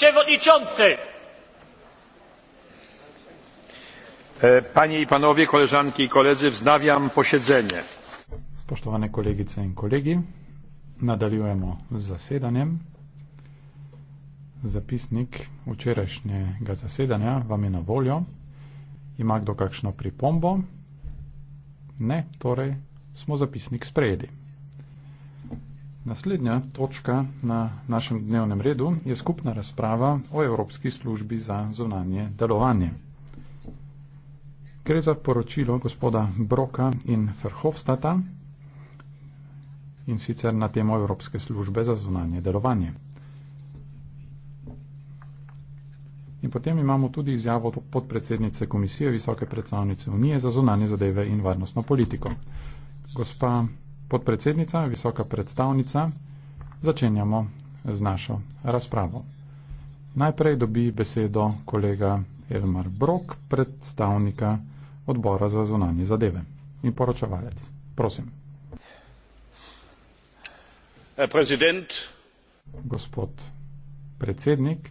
przewodniczący! E, panie i panowie, koleżanki i koledzy, wznawiam posiedzenie. Spoštovane kolegice in kolegi, nadaljujemo z zasedanjem. Zapisnik včerajšnjega zasedanja vam je na voljo. Ima kdo kakšno pripombo? Ne, torej smo zapisnik sprejeli. Naslednja točka na našem dnevnem redu je skupna razprava o Evropski službi za zunanje delovanje. Gre za poročilo gospoda Broka in Ferhofstata in sicer na temo Evropske službe za zunanje delovanje. In potem imamo tudi izjavo podpredsednice Komisije Visoke predstavnice Unije za zunanje zadeve in varnostno politiko. Gospa podpredsednica, visoka predstavnica, začenjamo z našo razpravo. Najprej dobi besedo kolega Elmar Brok, predstavnika odbora za zunanje zadeve in poročevalec. Prosim. President. Gospod predsednik,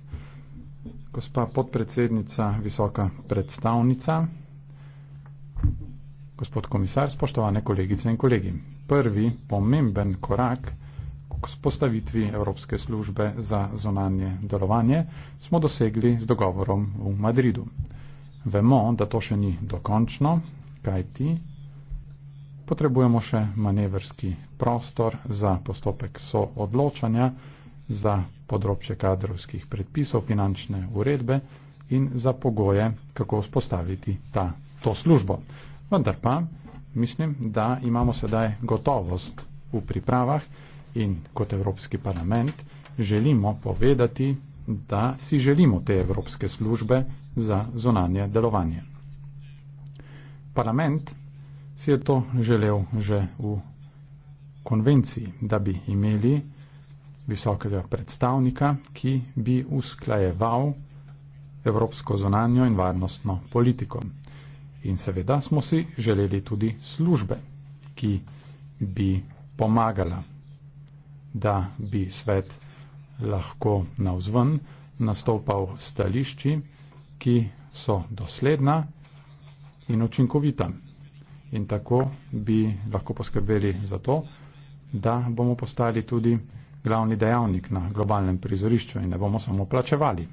gospa podpredsednica, visoka predstavnica, gospod komisar, spoštovane kolegice in kolegi prvi pomemben korak k spostavitvi Evropske službe za zonanje delovanje, smo dosegli z dogovorom v Madridu. Vemo, da to še ni dokončno, kajti potrebujemo še manevrski prostor za postopek soodločanja, za področje kadrovskih predpisov, finančne uredbe in za pogoje, kako spostaviti ta, to službo. Vendar pa mislim, da imamo sedaj gotovost v pripravah in kot Evropski parlament želimo povedati, da si želimo te Evropske službe za zonanje delovanje. Parlament si je to želel že v konvenciji, da bi imeli visokega predstavnika, ki bi usklajeval evropsko zonanjo in varnostno politiko. In seveda smo si želeli tudi službe, ki bi pomagala, da bi svet lahko navzven nastopal stališči, ki so dosledna in učinkovita. In tako bi lahko poskrbeli za to, da bomo postali tudi glavni dejavnik na globalnem prizorišču in ne bomo samo plačevali.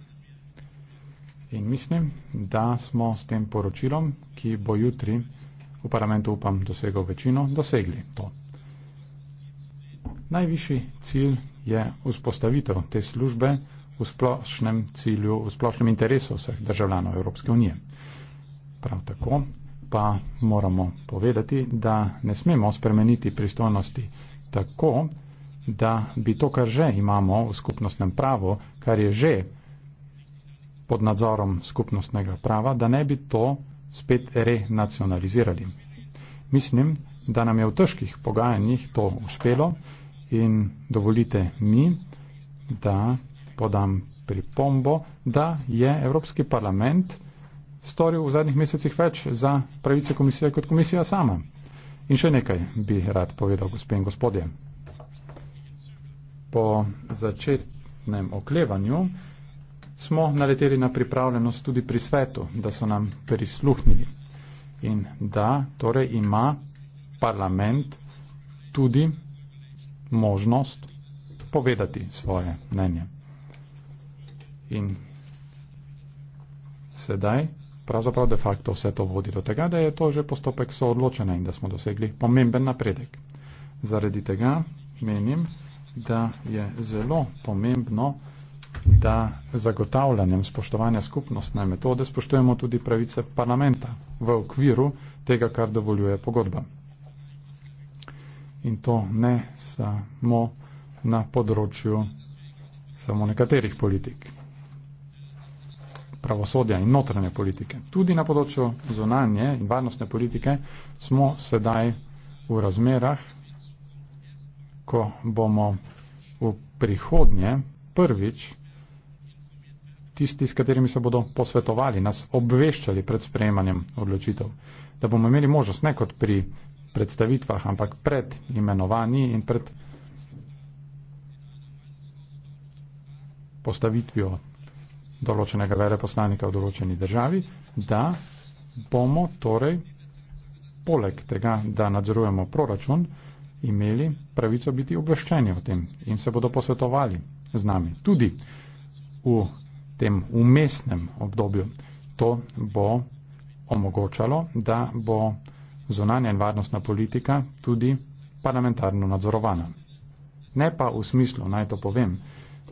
In mislim, da smo s tem poročilom, ki bo jutri v parlamentu, upam, dosegel večino, dosegli to. Najvišji cilj je vzpostavitev te službe v splošnem cilju, v splošnem interesu vseh državljanov Evropske unije. Prav tako pa moramo povedati, da ne smemo spremeniti pristojnosti tako, da bi to, kar že imamo v skupnostnem pravu, kar je že pod nadzorom skupnostnega prava, da ne bi to spet renacionalizirali. Mislim, da nam je v težkih pogajanjih to uspelo in dovolite mi, da podam pripombo, da je Evropski parlament storil v zadnjih mesecih več za pravice komisije kot komisija sama. In še nekaj bi rad povedal, gospe in gospodje. Po začetnem oklevanju smo naleteli na pripravljenost tudi pri svetu, da so nam prisluhnili in da torej ima parlament tudi možnost povedati svoje mnenje. In sedaj pravzaprav de facto vse to vodi do tega, da je to že postopek soodločene in da smo dosegli pomemben napredek. Zaradi tega menim, da je zelo pomembno, da zagotavljanjem spoštovanja skupnostne metode spoštujemo tudi pravice parlamenta v okviru tega, kar dovoljuje pogodba. In to ne samo na področju samo nekaterih politik, pravosodja in notranje politike. Tudi na področju zunanje in varnostne politike smo sedaj v razmerah, ko bomo v prihodnje prvič tisti, s katerimi se bodo posvetovali, nas obveščali pred sprejemanjem odločitev, da bomo imeli možnost ne kot pri predstavitvah, ampak pred imenovanji in pred postavitvijo določenega veleposlanika v določeni državi, da bomo torej poleg tega, da nadzorujemo proračun, imeli pravico biti obveščeni o tem in se bodo posvetovali z nami. Tudi v tem umestnem obdobju. To bo omogočalo, da bo zonanja in varnostna politika tudi parlamentarno nadzorovana. Ne pa v smislu, naj to povem,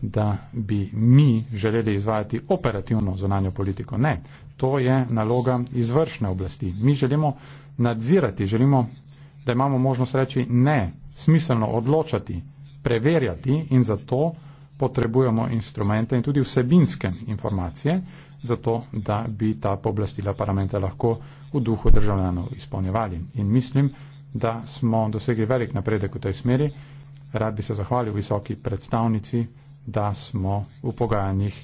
da bi mi želeli izvajati operativno zonanjo politiko. Ne, to je naloga izvršne oblasti. Mi želimo nadzirati, želimo, da imamo možnost reči ne, smiselno odločati, preverjati in zato potrebujemo instrumente in tudi vsebinske informacije, zato da bi ta pooblastila parlamenta lahko v duhu državljanov izpolnjevali. In mislim, da smo dosegli velik napredek v tej smeri. Rad bi se zahvalil visoki predstavnici, da smo v pogajanjih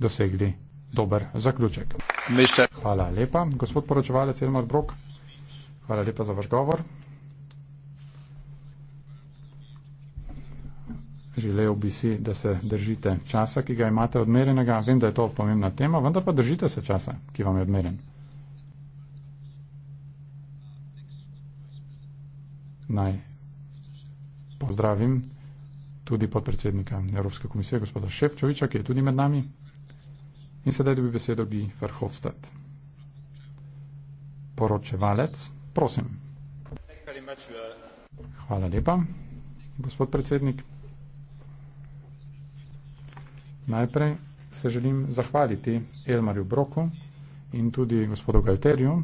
dosegli dober zaključek. Mister. Hvala lepa, gospod poročevalec Elmar Brok. Hvala lepa za vaš govor. Želel bi si, da se držite časa, ki ga imate odmerjenega. Vem, da je to pomembna tema, vendar pa držite se časa, ki vam je odmerjen. Naj pozdravim tudi podpredsednika Evropske komisije, gospoda Ševčoviča, ki je tudi med nami. In sedaj dobi besedo Gi Verhofstadt. Poročevalec, prosim. Uh, Hvala lepa, gospod predsednik. Najprej se želim zahvaliti Elmarju Broku in tudi gospodu Galteriju.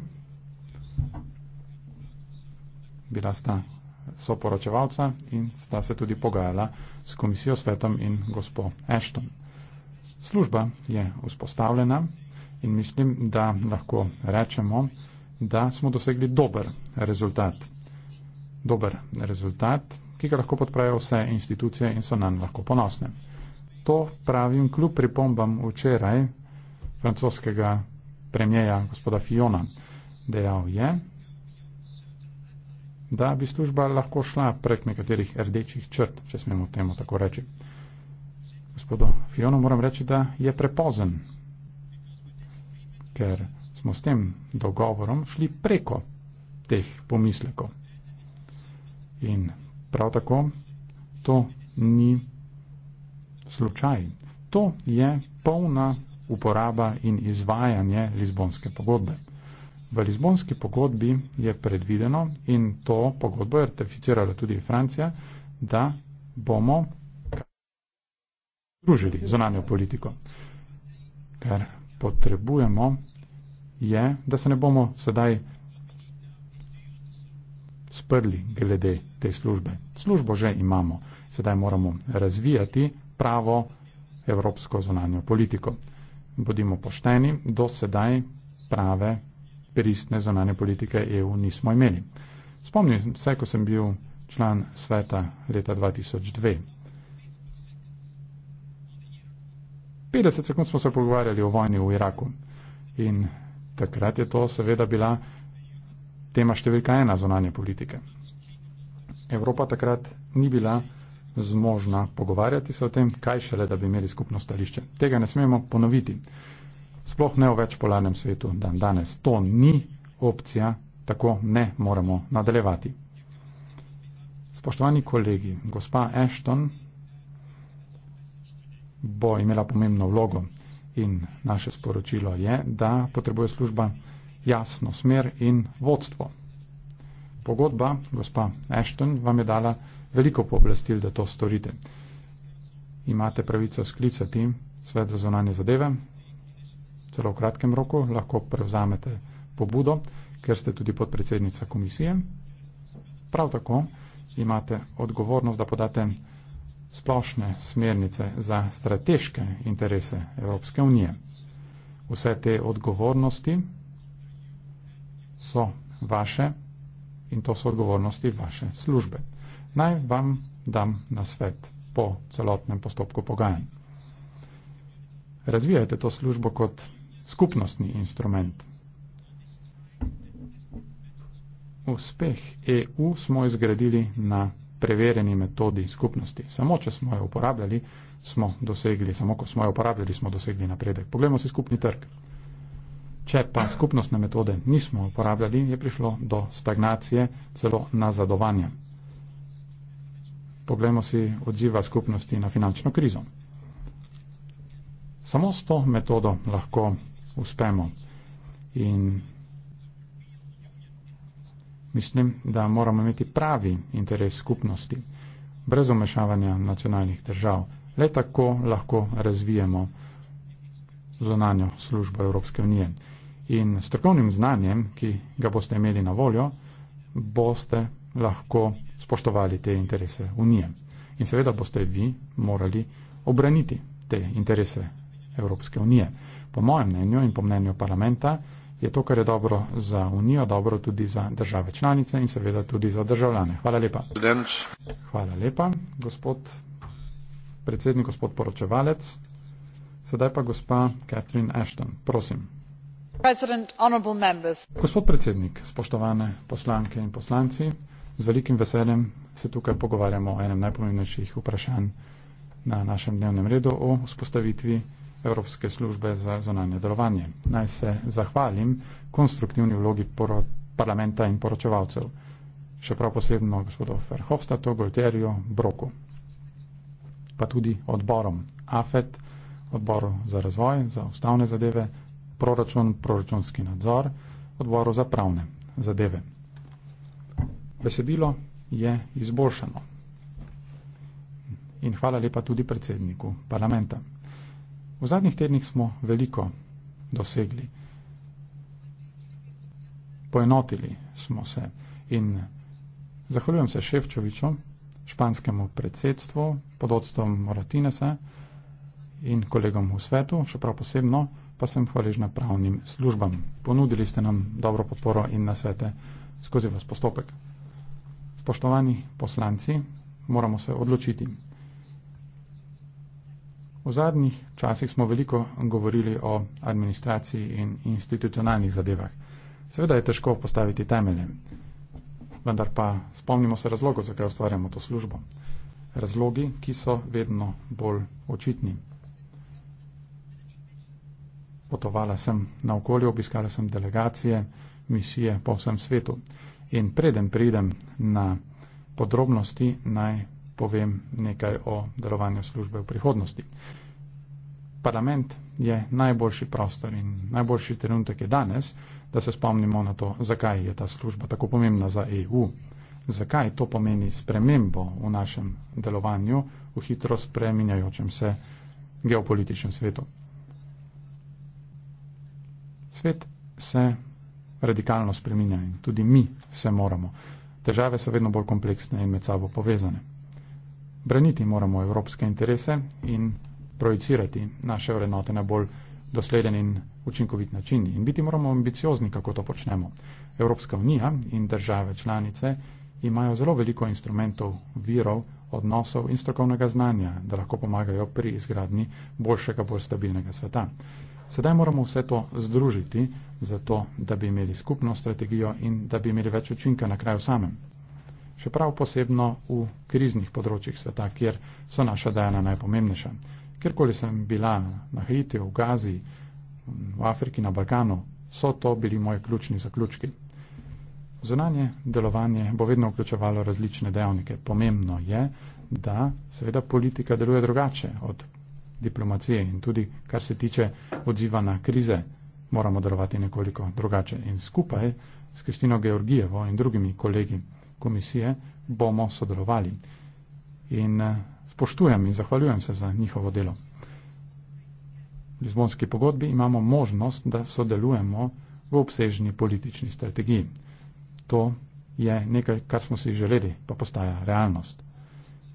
Bila sta soporočevalca in sta se tudi pogajala s komisijo svetom in gospo Ashton. Služba je vzpostavljena in mislim, da lahko rečemo, da smo dosegli dober rezultat. Dober rezultat, ki ga lahko podprejo vse institucije in so nam lahko ponosne. To pravim kljub pripombam včeraj francoskega premjeja gospoda Fiona. Dejal je, da bi služba lahko šla prek nekaterih rdečih črt, če smemo temu tako reči. Gospodo Fiono moram reči, da je prepozen, ker smo s tem dogovorom šli preko teh pomislekov. In prav tako to ni slučaj. To je polna uporaba in izvajanje Lizbonske pogodbe. V Lizbonski pogodbi je predvideno in to pogodbo je ratificirala tudi Francija, da bomo družili zonanjo politiko. Kar potrebujemo je, da se ne bomo sedaj sprli glede te službe. Službo že imamo, sedaj moramo razvijati pravo evropsko zunanjo politiko. Bodimo pošteni, do sedaj prave pristne zunanje politike EU nismo imeli. Spomnim se, ko sem bil član sveta leta 2002. 50 sekund smo se pogovarjali o vojni v Iraku in takrat je to seveda bila tema številka ena zunanje politike. Evropa takrat ni bila zmožna pogovarjati se o tem, kaj šele, da bi imeli skupno stališče. Tega ne smemo ponoviti. Sploh ne v večpolarnem svetu dan danes. To ni opcija, tako ne moremo nadaljevati. Spoštovani kolegi, gospa Ashton bo imela pomembno vlogo in naše sporočilo je, da potrebuje služba jasno smer in vodstvo. Pogodba, gospa Ashton, vam je dala veliko pooblastil, da to storite. Imate pravico sklicati svet za zonanje zadeve, celo v kratkem roku lahko prevzamete pobudo, ker ste tudi podpredsednica komisije. Prav tako imate odgovornost, da podate splošne smernice za strateške interese Evropske unije. Vse te odgovornosti so vaše in to so odgovornosti vaše službe naj vam dam na svet po celotnem postopku pogajanj. Razvijajte to službo kot skupnostni instrument. Uspeh EU smo izgradili na preverjeni metodi skupnosti. Samo, če smo jo uporabljali, smo dosegli, samo ko smo jo uporabljali, smo dosegli napredek. Poglejmo si skupni trg. Če pa skupnostne metode nismo uporabljali, je prišlo do stagnacije, celo nazadovanja. Poglejmo si odziva skupnosti na finančno krizo. Samo s to metodo lahko uspemo. In mislim, da moramo imeti pravi interes skupnosti, brez umešavanja nacionalnih držav. Le tako lahko razvijemo zonanjo službo Evropske unije. In s strokovnim znanjem, ki ga boste imeli na voljo, boste lahko spoštovali te interese Unije. In seveda boste vi morali obraniti te interese Evropske unije. Po mojem mnenju in po mnenju parlamenta je to, kar je dobro za Unijo, dobro tudi za države članice in seveda tudi za državljane. Hvala lepa. Hvala lepa, gospod predsednik, gospod poročevalec. Sedaj pa gospa Catherine Ashton, prosim. Gospod predsednik, spoštovane poslanke in poslanci z velikim veseljem se tukaj pogovarjamo o enem najpomembnejših vprašanj na našem dnevnem redu o vzpostavitvi Evropske službe za zonanje delovanje. Naj se zahvalim konstruktivni vlogi parlamenta in poročevalcev, še prav posebno gospodu Ferhofstatu, Golterju, Broku, pa tudi odborom AFET, odboru za razvoj, za ustavne zadeve, proračun, proračunski nadzor, odboru za pravne zadeve besedilo je izboljšano. In hvala lepa tudi predsedniku parlamenta. V zadnjih tednih smo veliko dosegli. Poenotili smo se in zahvaljujem se Ševčoviču, španskemu predsedstvu, pod odstom Moratinesa in kolegom v svetu, še prav posebno pa sem hvaležna pravnim službam. Ponudili ste nam dobro podporo in nasvete skozi vas postopek spoštovani poslanci, moramo se odločiti. V zadnjih časih smo veliko govorili o administraciji in institucionalnih zadevah. Seveda je težko postaviti temelje, vendar pa spomnimo se razlogov, zakaj ustvarjamo to službo. Razlogi, ki so vedno bolj očitni. Potovala sem na okolje, obiskala sem delegacije, misije po vsem svetu. In preden pridem na podrobnosti, naj povem nekaj o delovanju službe v prihodnosti. Parlament je najboljši prostor in najboljši trenutek je danes, da se spomnimo na to, zakaj je ta služba tako pomembna za EU, zakaj to pomeni spremembo v našem delovanju v hitro spreminjajočem se geopolitičnem svetu. Svet se radikalno spreminja in tudi mi se moramo. Težave so vedno bolj kompleksne in med sabo povezane. Braniti moramo evropske interese in projicirati naše vrednote na bolj dosleden in učinkovit način. In biti moramo ambiciozni, kako to počnemo. Evropska unija in države članice imajo zelo veliko instrumentov, virov, odnosov in strokovnega znanja, da lahko pomagajo pri izgradni boljšega, bolj stabilnega sveta. Sedaj moramo vse to združiti, zato da bi imeli skupno strategijo in da bi imeli več učinka na kraju samem. Še prav posebno v kriznih področjih sveta, kjer so naša dajana najpomembnejša. Kjerkoli sem bila na Haitiju, v Gazi, v Afriki, na Balkanu, so to bili moje ključni zaključki. Zunanje delovanje bo vedno vključevalo različne dejavnike. Pomembno je, da seveda politika deluje drugače od diplomacije in tudi, kar se tiče odziva na krize, moramo delovati nekoliko drugače. In skupaj s Kristino Georgijevo in drugimi kolegi komisije bomo sodelovali. In eh, spoštujem in zahvaljujem se za njihovo delo. V Lizbonski pogodbi imamo možnost, da sodelujemo v obsežni politični strategiji. To je nekaj, kar smo si želeli, pa postaja realnost.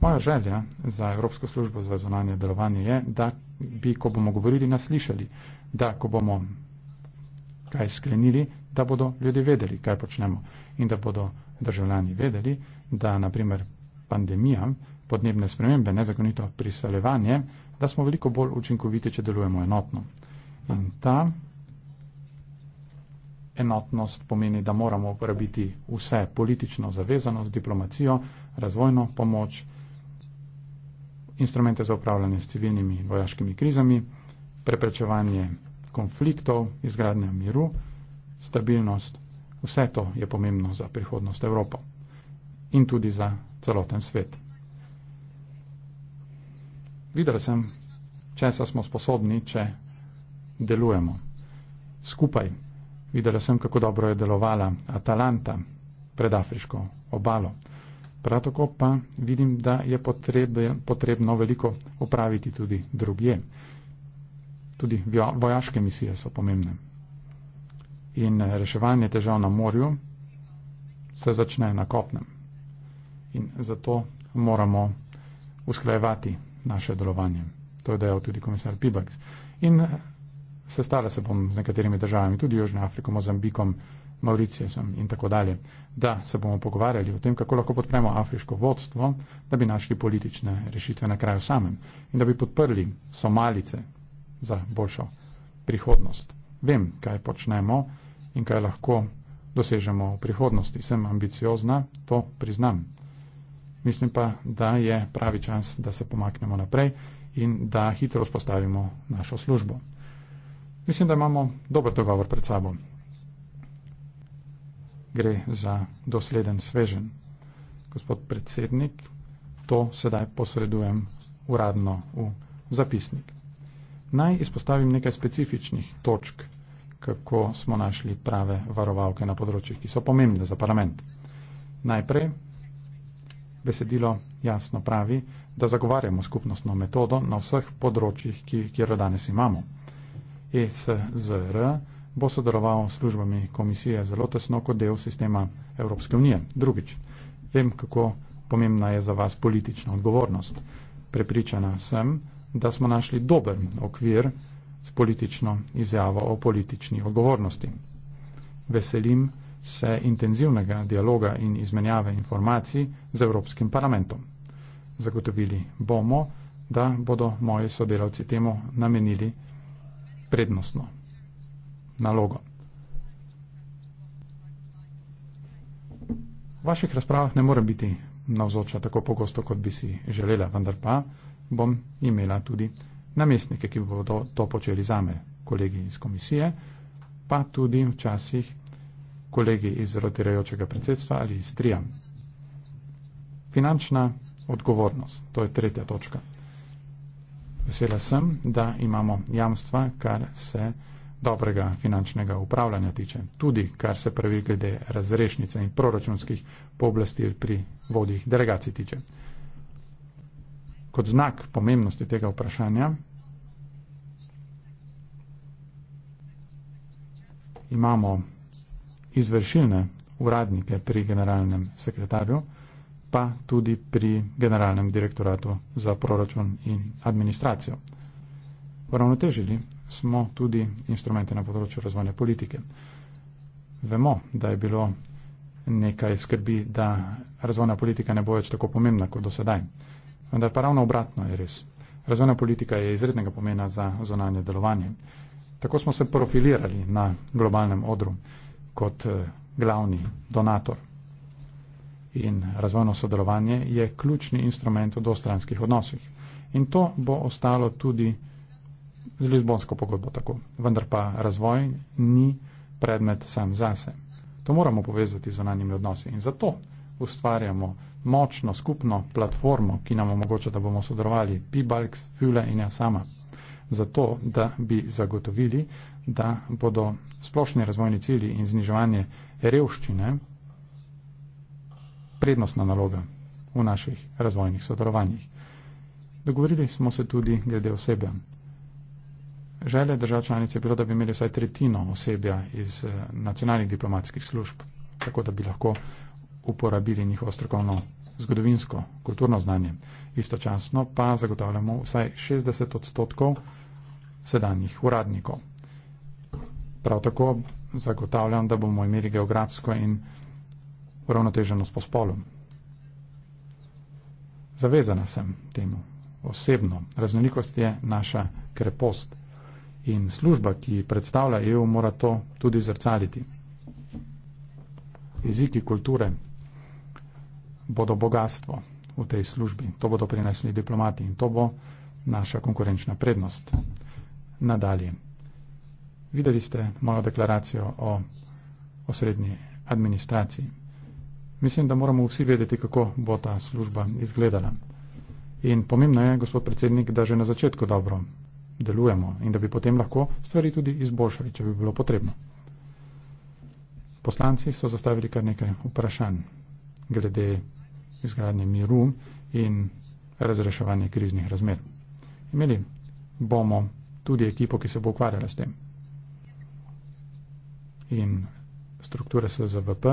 Moja želja za Evropsko službo za zonanje delovanje je, da bi, ko bomo govorili, nas slišali, da ko bomo kaj sklenili, da bodo ljudje vedeli, kaj počnemo in da bodo državljani vedeli, da naprimer pandemija, podnebne spremembe, nezakonito priseljevanje, da smo veliko bolj učinkoviti, če delujemo enotno. In ta enotnost pomeni, da moramo uporabiti vse politično zavezanost, diplomacijo, razvojno pomoč, instrumente za upravljanje s civilnimi vojaškimi krizami, preprečevanje konfliktov, izgradnja miru, stabilnost. Vse to je pomembno za prihodnost Evropo in tudi za celoten svet. Videla sem, česa smo sposobni, če delujemo skupaj. Videla sem, kako dobro je delovala Atalanta pred afriško obalo. Prav tako pa vidim, da je potrebno veliko opraviti tudi drugje. Tudi vojaške misije so pomembne. In eh, reševanje težav na morju se začne na kopnem. In zato moramo usklajevati naše delovanje. To je dejal tudi komisar Pibaks. In eh, sestala se bom z nekaterimi državami, tudi Južno Afriko, Mozambikom, Mauricijusom in tako dalje, da se bomo pogovarjali o tem, kako lahko podpremo afriško vodstvo, da bi našli politične rešitve na kraju samem in da bi podprli Somalice za boljšo prihodnost. Vem, kaj počnemo in kaj lahko dosežemo v prihodnosti. Sem ambiciozna, to priznam. Mislim pa, da je pravi čas, da se pomaknemo naprej in da hitro vzpostavimo našo službo. Mislim, da imamo dober dogovor pred sabo gre za dosleden svežen. Gospod predsednik, to sedaj posredujem uradno v zapisnik. Naj izpostavim nekaj specifičnih točk, kako smo našli prave varovalke na področjih, ki so pomembne za parlament. Najprej besedilo jasno pravi, da zagovarjamo skupnostno metodo na vseh področjih, ki, kjer jo danes imamo. ESZR bo sodeloval s službami komisije zelo tesno kot del sistema Evropske unije. Drugič, vem, kako pomembna je za vas politična odgovornost. Prepričana sem, da smo našli dober okvir s politično izjavo o politični odgovornosti. Veselim se intenzivnega dialoga in izmenjave informacij z Evropskim parlamentom. Zagotovili bomo, da bodo moji sodelavci temu namenili prednostno nalogo. V vaših razpravah ne morem biti navzoča tako pogosto, kot bi si želela, vendar pa bom imela tudi namestnike, ki bodo to počeli zame, kolegi iz komisije, pa tudi včasih kolegi iz rotirajočega predsedstva ali iz trija. Finančna odgovornost, to je tretja točka. Vesela sem, da imamo jamstva, kar se dobrega finančnega upravljanja tiče, tudi kar se pravi glede razrešnice in proračunskih pooblastil pri vodjih delegacij tiče. Kot znak pomembnosti tega vprašanja imamo izvršilne uradnike pri generalnem sekretarju, pa tudi pri generalnem direktoratu za proračun in administracijo. Uravnotežili smo tudi instrumente na področju razvojne politike. Vemo, da je bilo nekaj skrbi, da razvojna politika ne bo več tako pomembna kot do sedaj. Vendar pa ravno obratno je res. Razvojna politika je izrednega pomena za zonanje delovanje. Tako smo se profilirali na globalnem odru kot eh, glavni donator. In razvojno sodelovanje je ključni instrument v dostranskih odnosih. In to bo ostalo tudi z Lizbonsko pogodbo tako. Vendar pa razvoj ni predmet sam zase. To moramo povezati z zonanjimi odnosi in zato ustvarjamo močno skupno platformo, ki nam omogoča, da bomo sodelovali P-Balks, Fule in jaz sama. Zato, da bi zagotovili, da bodo splošni razvojni cilji in zniževanje revščine prednostna naloga v naših razvojnih sodelovanjih. Dogovorili smo se tudi glede osebe želja držav članic je bilo, da bi imeli vsaj tretjino osebja iz eh, nacionalnih diplomatskih služb, tako da bi lahko uporabili njihovo strokovno, zgodovinsko, kulturno znanje. Istočasno pa zagotavljamo vsaj 60 odstotkov sedanjih uradnikov. Prav tako zagotavljam, da bomo imeli geografsko in uravnoteženost po spolu. Zavezana sem temu osebno. Raznolikost je naša krepost in služba, ki predstavlja EU, mora to tudi zrcaliti. Jeziki kulture bodo bogatstvo v tej službi, to bodo prinesli diplomati in to bo naša konkurenčna prednost. Nadalje. Videli ste mojo deklaracijo o osrednji administraciji. Mislim, da moramo vsi vedeti, kako bo ta služba izgledala. In pomembno je, gospod predsednik, da že na začetku dobro delujemo in da bi potem lahko stvari tudi izboljšali, če bi bilo potrebno. Poslanci so zastavili kar nekaj vprašanj glede izgradnje miru in razreševanje kriznih razmer. Imeli bomo tudi ekipo, ki se bo ukvarjala s tem. In strukture SZVP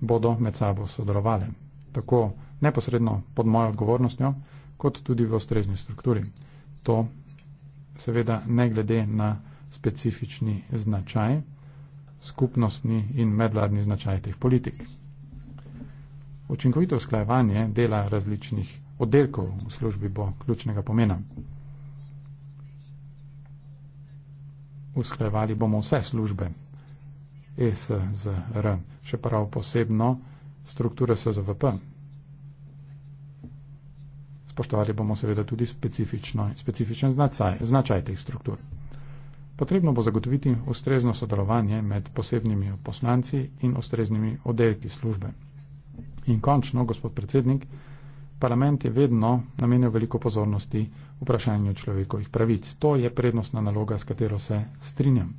bodo med sabo sodelovale, tako neposredno pod mojo odgovornostjo, kot tudi v ustrezni strukturi. To seveda ne glede na specifični značaj, skupnostni in medvladni značaj teh politik. Učinkovito usklajevanje dela različnih oddelkov v službi bo ključnega pomena. Usklajevali bomo vse službe ESZR, še prav posebno strukture SZVP. Spoštovali bomo seveda tudi specifičen značaj, značaj teh struktur. Potrebno bo zagotoviti ustrezno sodelovanje med posebnimi poslanci in ustreznimi oddelki službe. In končno, gospod predsednik, parlament je vedno namenil veliko pozornosti vprašanju človekovih pravic. To je prednostna naloga, s katero se strinjam.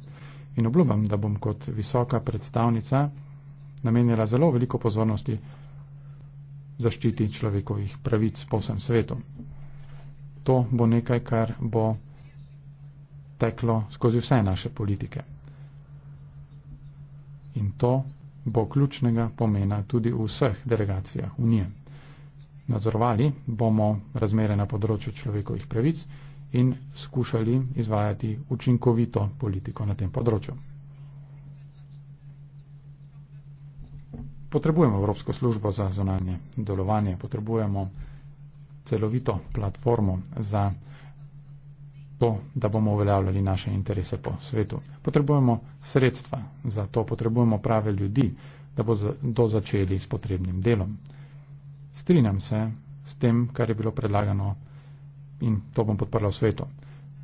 In obljubam, da bom kot visoka predstavnica namenila zelo veliko pozornosti zaščiti človekovih pravic po vsem svetu. To bo nekaj, kar bo teklo skozi vse naše politike. In to bo ključnega pomena tudi v vseh delegacijah Unije. Nadzorovali bomo razmere na področju človekovih pravic in skušali izvajati učinkovito politiko na tem področju. potrebujemo Evropsko službo za zonanje delovanje, potrebujemo celovito platformo za to, da bomo uveljavljali naše interese po svetu. Potrebujemo sredstva za to, potrebujemo prave ljudi, da bodo začeli s potrebnim delom. Strinjam se s tem, kar je bilo predlagano in to bom podprla v svetu.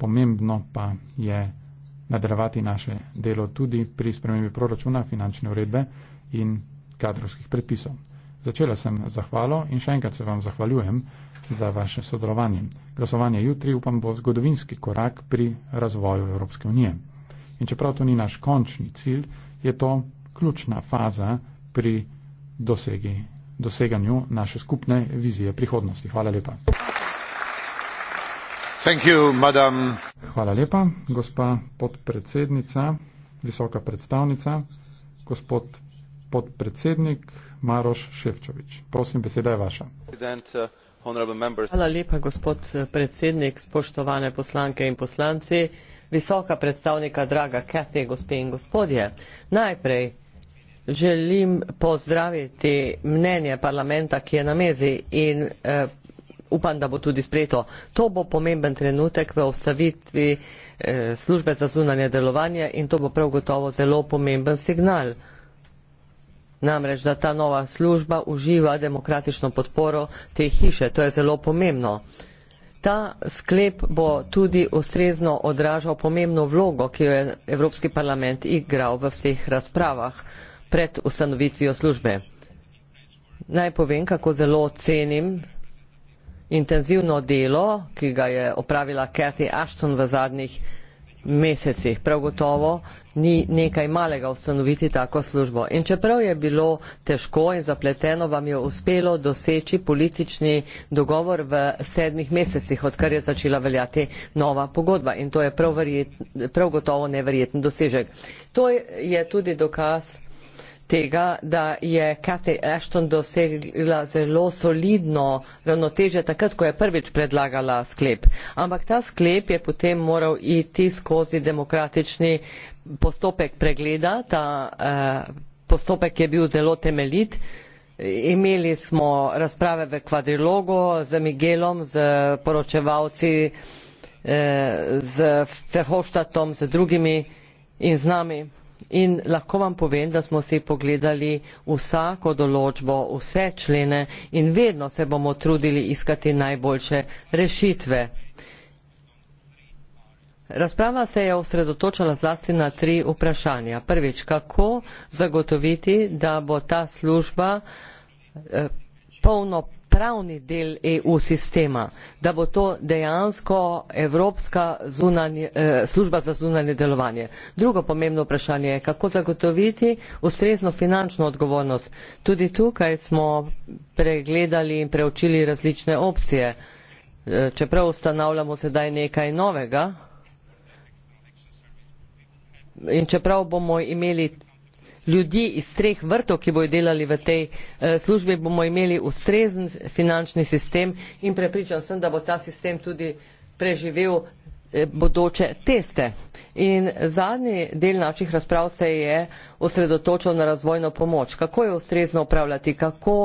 Pomembno pa je nadaljevati naše delo tudi pri spremembi proračuna, finančne uredbe in kadrovskih predpisov. Začela sem zahvalo in še enkrat se vam zahvaljujem za vaše sodelovanje. Glasovanje jutri upam bo zgodovinski korak pri razvoju Evropske unije. In čeprav to ni naš končni cilj, je to ključna faza pri dosegi, doseganju naše skupne vizije prihodnosti. Hvala lepa. You, Hvala lepa, gospa podpredsednica, visoka predstavnica, gospod podpredsednik Maroš Ševčovič. Prosim, beseda je vaša. Uh, Hvala lepa, gospod uh, predsednik, spoštovane poslanke in poslanci, visoka predstavnika, draga Kathy, gospe in gospodje. Najprej želim pozdraviti mnenje parlamenta, ki je na mezi in eh, upam, da bo tudi sprejeto. To bo pomemben trenutek v ostavitvi eh, službe za zunanje delovanje in to bo prav gotovo zelo pomemben signal namreč da ta nova služba uživa demokratično podporo te hiše. To je zelo pomembno. Ta sklep bo tudi ustrezno odražal pomembno vlogo, ki jo je Evropski parlament igral v vseh razpravah pred ustanovitvijo službe. Naj povem, kako zelo cenim intenzivno delo, ki ga je opravila Cathy Ashton v zadnjih mesecih. Prav gotovo ni nekaj malega ustanoviti tako službo. In čeprav je bilo težko in zapleteno, vam je uspelo doseči politični dogovor v sedmih mesecih, odkar je začela veljati nova pogodba. In to je prav, verjet, prav gotovo neverjeten dosežek. To je tudi dokaz, tega, da je Kathy Ashton dosegla zelo solidno ravnotežje takrat, ko je prvič predlagala sklep. Ampak ta sklep je potem moral iti skozi demokratični postopek pregleda, ta eh, postopek je bil zelo temeljit. Imeli smo razprave v kvadrilogu z Miguelom, z poročevalci, eh, z Fehoštatom, z drugimi in z nami in lahko vam povem, da smo si pogledali vsako določbo, vse člene in vedno se bomo trudili iskati najboljše rešitve. Razprava se je osredotočala zlasti na tri vprašanja. Prvič, kako zagotoviti, da bo ta služba eh, polno pravni del EU sistema, da bo to dejansko Evropska zunanje, eh, služba za zunanje delovanje. Drugo pomembno vprašanje je, kako zagotoviti ustrezno finančno odgovornost. Tudi tukaj smo pregledali in preučili različne opcije. Eh, čeprav ustanavljamo sedaj nekaj novega in čeprav bomo imeli ljudi iz treh vrtov, ki bojo delali v tej eh, službi, bomo imeli ustrezen finančni sistem in prepričan sem, da bo ta sistem tudi preživel eh, bodoče teste. In zadnji del naših razprav se je osredotočil na razvojno pomoč. Kako jo ustrezno upravljati, kako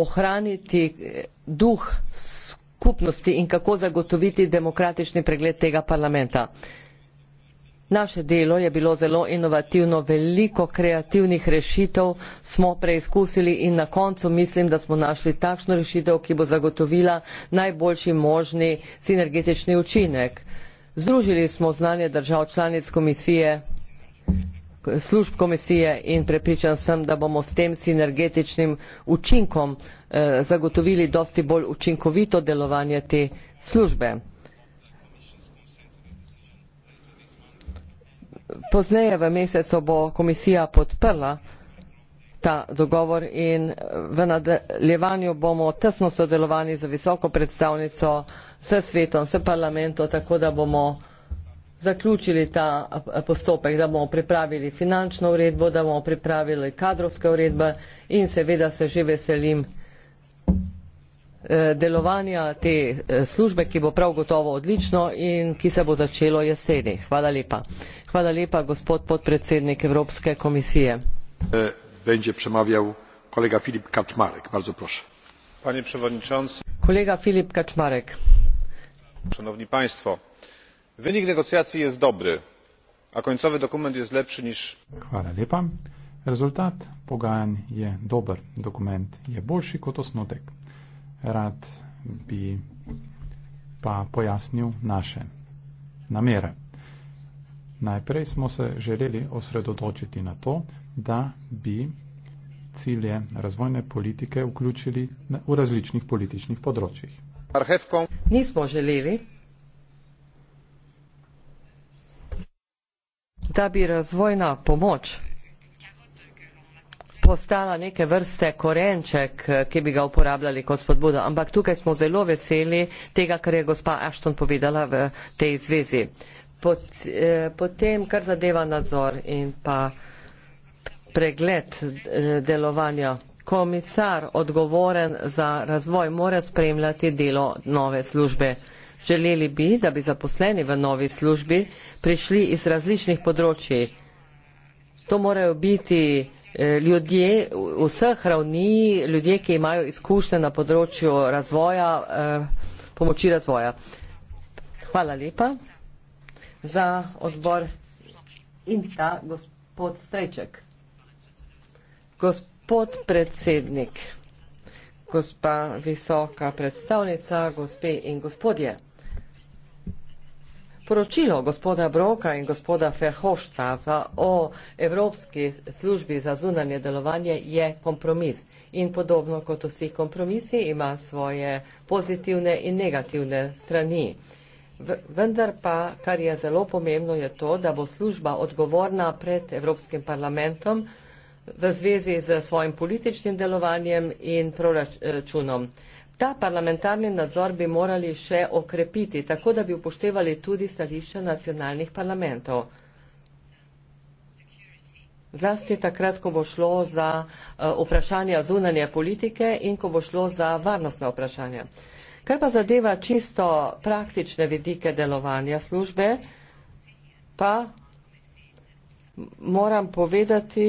ohraniti eh, duh skupnosti in kako zagotoviti demokratični pregled tega parlamenta. Naše delo je bilo zelo inovativno, veliko kreativnih rešitev smo preizkusili in na koncu mislim, da smo našli takšno rešitev, ki bo zagotovila najboljši možni sinergetični učinek. Združili smo znanje držav članic komisije, služb komisije in prepričan sem, da bomo s tem sinergetičnim učinkom eh, zagotovili dosti bolj učinkovito delovanje te službe. pozneje v mesecu bo komisija podprla ta dogovor in v nadaljevanju bomo tesno sodelovali z visoko predstavnico, s svetom, s parlamentom, tako da bomo zaključili ta postopek, da bomo pripravili finančno uredbo, da bomo pripravili kadrovske uredbe in seveda se že veselim Eh, delovanja te eh, službe, ki bo prav gotovo odlično in ki se bo začelo jeseni. Hvala lepa. Hvala lepa, gospod podpredsednik Evropske komisije. Eh, Bende premavljal kolega Filip Kačmarek. Bardzo proszę. Panie przewodniczący. Kolega Filip Kaczmarek. Szanowni Państwo, wynik negocjacji jest dobry, a końcowy dokument jest lepszy niż. Hvala lepa. Rezultat pogajanj je dober, dokument je boljši kot osnotek rad bi pa pojasnil naše namere. Najprej smo se želeli osredotočiti na to, da bi cilje razvojne politike vključili v različnih političnih področjih. Nismo želeli, da bi razvojna pomoč postala neke vrste korenček, ki bi ga uporabljali kot spodbudo. Ampak tukaj smo zelo veseli tega, kar je gospa Ashton povedala v tej zvezi. Eh, potem, kar zadeva nadzor in pa pregled eh, delovanja. Komisar, odgovoren za razvoj, mora spremljati delo nove službe. Želeli bi, da bi zaposleni v novi službi prišli iz različnih področji. To morajo biti ljudje vseh ravni, ljudje, ki imajo izkušnje na področju razvoja, eh, pomoči razvoja. Hvala lepa za odbor in ta gospod Strejček. Gospod predsednik, gospa visoka predstavnica, gospe in gospodje. Poročilo gospoda Broka in gospoda Ferhoštava o Evropski službi za zunanje delovanje je kompromis in podobno kot vsi kompromisi ima svoje pozitivne in negativne strani. Vendar pa, kar je zelo pomembno, je to, da bo služba odgovorna pred Evropskim parlamentom v zvezi z svojim političnim delovanjem in proračunom. Prorač Ta parlamentarni nadzor bi morali še okrepiti, tako da bi upoštevali tudi stališča nacionalnih parlamentov. Zlasti takrat, ko bo šlo za eh, vprašanja zunanje politike in ko bo šlo za varnostne vprašanja. Kar pa zadeva čisto praktične vidike delovanja službe, pa moram povedati,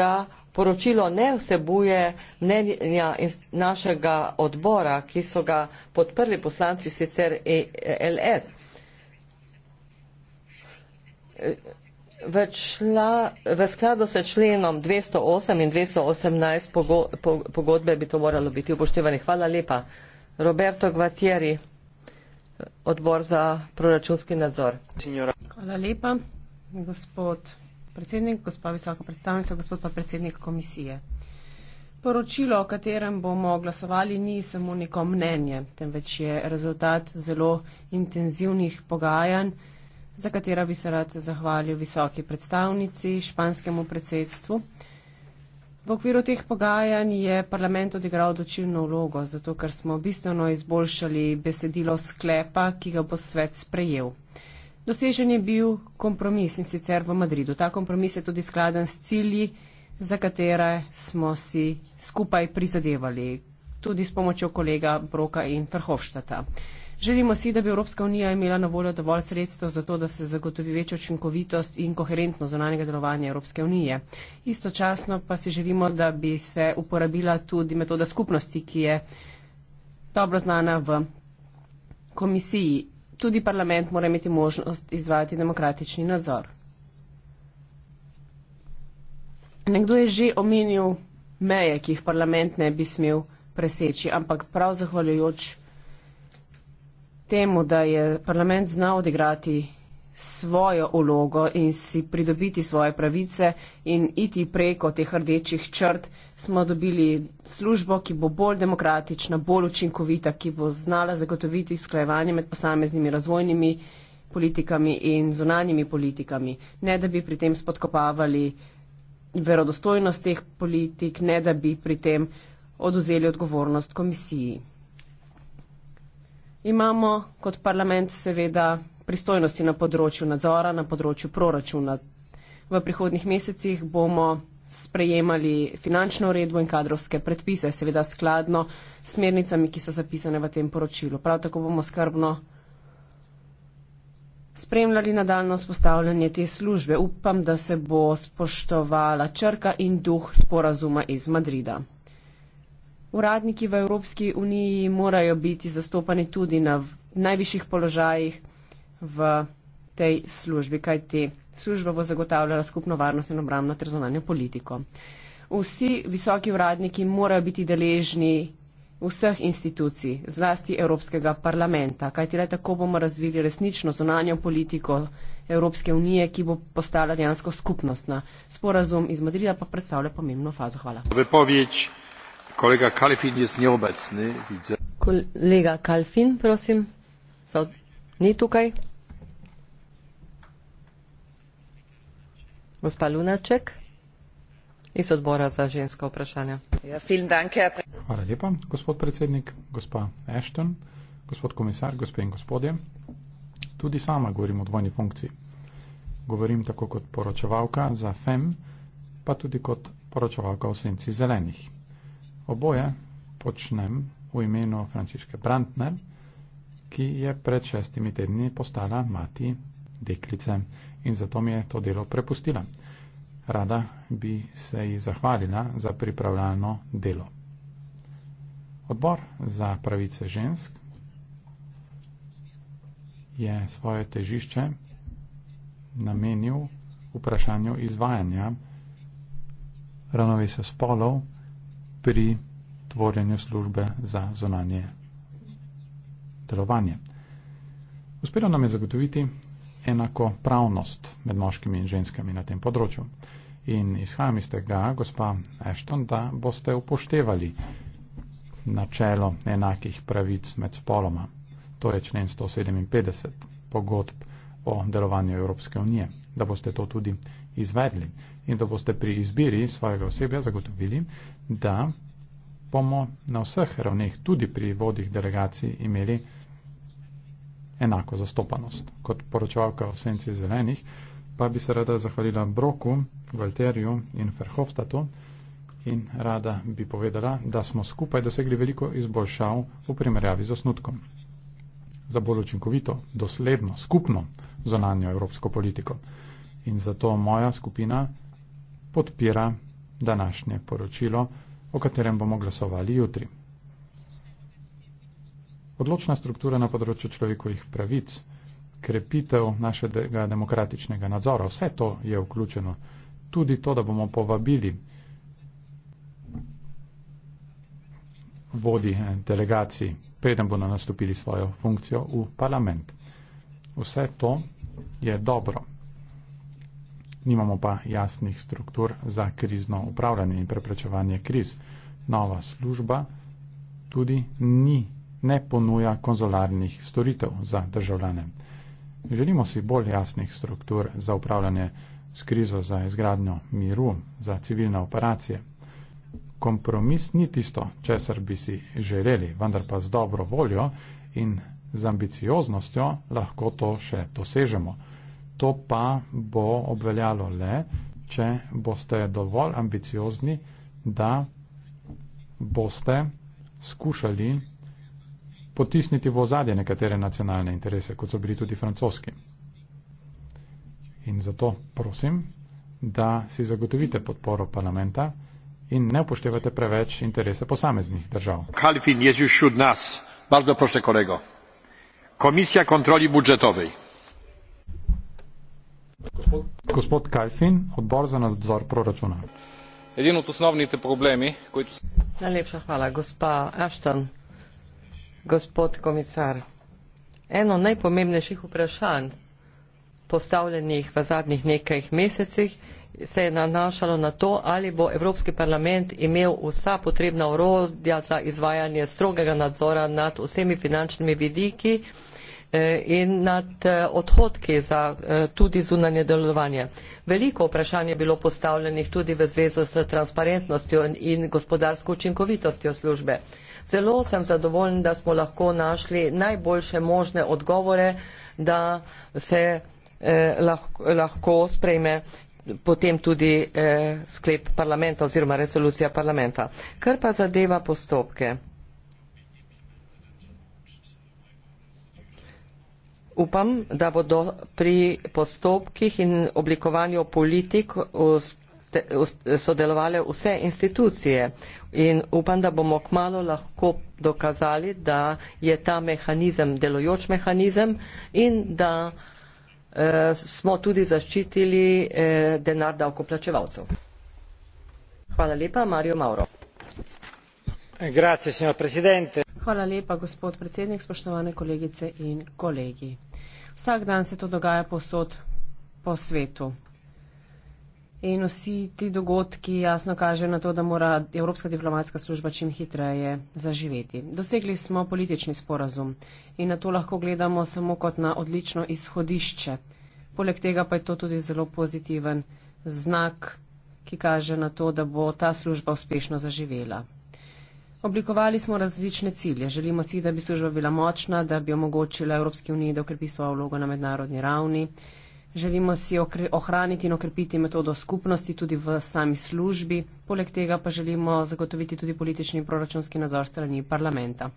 da Poročilo ne vsebuje mnenja našega odbora, ki so ga podprli poslanci sicer ELS. V, čla, v skladu s členom 208 in 218 pogo, pogodbe bi to moralo biti upoštevani. Hvala lepa. Roberto Gvatieri, odbor za proračunski nadzor. Hvala lepa, gospod predsednik, gospa visoka predstavnica, gospod pa predsednik komisije. Poročilo, o katerem bomo glasovali, ni samo neko mnenje, temveč je rezultat zelo intenzivnih pogajanj, za katera bi se rad zahvalil visoki predstavnici, španskemu predsedstvu. V okviru teh pogajanj je parlament odigral odločilno vlogo, zato ker smo bistveno izboljšali besedilo sklepa, ki ga bo svet sprejel. Dosežen je bil kompromis in sicer v Madridu. Ta kompromis je tudi skladen s cilji, za katere smo si skupaj prizadevali, tudi s pomočjo kolega Broka in Frhovštata. Želimo si, da bi Evropska unija imela na voljo dovolj sredstev za to, da se zagotovi večjo učinkovitost in koherentno zonanjega delovanja Evropske unije. Istočasno pa si želimo, da bi se uporabila tudi metoda skupnosti, ki je dobro znana v komisiji tudi parlament mora imeti možnost izvajati demokratični nadzor. Nekdo je že omenil meje, ki jih parlament ne bi smel preseči, ampak prav zahvaljujoč temu, da je parlament znal odigrati svojo ulogo in si pridobiti svoje pravice in iti preko teh rdečih črt, smo dobili službo, ki bo bolj demokratična, bolj učinkovita, ki bo znala zagotoviti usklajevanje med posameznimi razvojnimi politikami in zunanjimi politikami, ne da bi pri tem spodkopavali verodostojnost teh politik, ne da bi pri tem oduzeli odgovornost komisiji. Imamo kot parlament seveda pristojnosti na področju nadzora, na področju proračuna. V prihodnih mesecih bomo sprejemali finančno uredbo in kadrovske predpise, seveda skladno s smernicami, ki so zapisane v tem poročilu. Prav tako bomo skrbno spremljali nadaljno spostavljanje te službe. Upam, da se bo spoštovala črka in duh sporazuma iz Madrida. Uradniki v Evropski uniji morajo biti zastopani tudi na najvišjih položajih v tej službi, kajti služba bo zagotavljala skupno varnost in obramno ter zonanjo politiko. Vsi visoki uradniki morajo biti deležni vseh institucij, zlasti Evropskega parlamenta, kajti le tako bomo razvili resnično zonanjo politiko Evropske unije, ki bo postala dejansko skupnostna. Sporazum iz Madrida pa predstavlja pomembno fazo. Hvala. Vepovič, kolega Kalfin je snjobec. Kolega Kalfin, prosim, so, ni tukaj. Gospa Lunaček iz odbora za ženska vprašanja. Ja, Hvala lepa, gospod predsednik, gospa Ashton, gospod komisar, gospe in gospodje. Tudi sama govorim o dvojni funkciji. Govorim tako kot poročevalka za FEM, pa tudi kot poročevalka o senci zelenih. Oboje počnem v imenu Frančiške Brantner, ki je pred šestimi tedni postala mati deklice in zato mi je to delo prepustila. Rada bi se ji zahvalila za pripravljalno delo. Odbor za pravice žensk je svoje težišče namenil vprašanju izvajanja ravnovesja spolov pri tvorjenju službe za zonanje delovanje. Uspelo nam je zagotoviti enakopravnost med moškimi in ženskami na tem področju. In izhajam iz tega, gospa Ashton, da boste upoštevali načelo enakih pravic med spoloma. To je člen 157 pogodb o delovanju Evropske unije. Da boste to tudi izvedli in da boste pri izbiri svojega osebja zagotovili, da bomo na vseh ravneh, tudi pri vodih delegacij, imeli enako zastopanost. Kot poročevalka o senci zelenih, pa bi se rada zahvalila Broku, Valterju in Ferhofstatu in rada bi povedala, da smo skupaj dosegli veliko izboljšav v primerjavi z osnutkom. Za bolj učinkovito, dosledno, skupno zonanjo evropsko politiko. In zato moja skupina podpira današnje poročilo, o katerem bomo glasovali jutri odločna struktura na področju človekovih pravic, krepitev našega demokratičnega nadzora. Vse to je vključeno. Tudi to, da bomo povabili vodi eh, delegacij, preden bodo nastopili svojo funkcijo v parlament. Vse to je dobro. Nimamo pa jasnih struktur za krizno upravljanje in preprečevanje kriz. Nova služba tudi ni ne ponuja konzularnih storitev za državljane. Želimo si bolj jasnih struktur za upravljanje s krizo za izgradnjo miru, za civilne operacije. Kompromis ni tisto, česar bi si želeli, vendar pa z dobro voljo in z ambicioznostjo lahko to še dosežemo. To pa bo obveljalo le, če boste dovolj ambiciozni, da boste skušali potisniti v ozadje nekatere nacionalne interese, kot so bili tudi francoski. In zato prosim, da si zagotovite podporo parlamenta in ne upoštevate preveč interese posameznih držav. Kalfin je že od nas. Bardzo proste kolego. Komisija kontroli budžetovej. Gospod, gospod Kalfin, odbor za nadzor proračuna. Edino od osnovnih problemi, ki so. Najlepša hvala, gospa Ashton. Gospod komisar, eno najpomembnejših vprašanj postavljenih v zadnjih nekaj mesecih se je nanašalo na to, ali bo Evropski parlament imel vsa potrebna orodja za izvajanje strogega nadzora nad vsemi finančnimi vidiki, Eh, in nad eh, odhodki za eh, tudi zunanje delovanje. Veliko vprašanj je bilo postavljenih tudi v zvezi s transparentnostjo in gospodarsko učinkovitostjo službe. Zelo sem zadovoljen, da smo lahko našli najboljše možne odgovore, da se lahko, lahko sprejme potem tudi sklep parlamenta oziroma resolucija parlamenta. Kar pa zadeva postopke. upam, da bodo pri postopkih in oblikovanju politik sodelovali vse institucije in upam, da bomo kmalo lahko dokazali, da je ta mehanizem delojoč mehanizem in da eh, smo tudi zaščitili eh, denar davkoplačevalcev. Hvala lepa, Mario Mauro. Grazie, Hvala lepa, gospod predsednik, spoštovane kolegice in kolegi. Vsak dan se to dogaja posod po svetu. In vsi ti dogodki jasno kažejo na to, da mora Evropska diplomatska služba čim hitreje zaživeti. Dosegli smo politični sporazum in na to lahko gledamo samo kot na odlično izhodišče. Poleg tega pa je to tudi zelo pozitiven znak, ki kaže na to, da bo ta služba uspešno zaživela. Oblikovali smo različne cilje. Želimo si, da bi služba bila močna, da bi omogočila Evropski uniji, da okrepi svojo vlogo na mednarodni ravni. Želimo si ohraniti in okrepiti metodo skupnosti tudi v sami službi. Poleg tega pa želimo zagotoviti tudi politični proračunski nadzor strani parlamenta.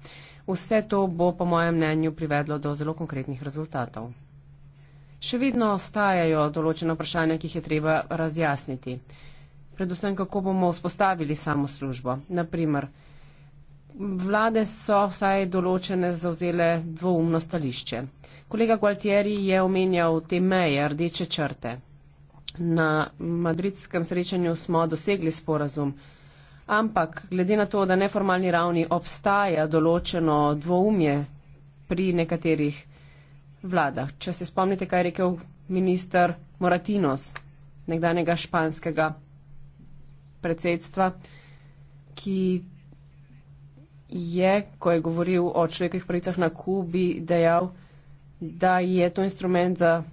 Vse to bo, po mojem mnenju, privedlo do zelo konkretnih rezultatov. Še vedno ostajajo določene vprašanja, ki jih je treba razjasniti. Predvsem, kako bomo vzpostavili samo službo. Naprimer, Vlade so vsaj določene zauzele dvoumno stališče. Kolega Gualtieri je omenjal te meje, rdeče črte. Na madridskem srečanju smo dosegli sporazum, ampak glede na to, da neformalni ravni obstaja določeno dvoumje pri nekaterih vladah. Če se spomnite, kaj je rekel minister Moratinos, nekdanjega španskega predsedstva, ki je, ko je govoril o človekovih pravicah na Kubi, dejal, da je to instrument za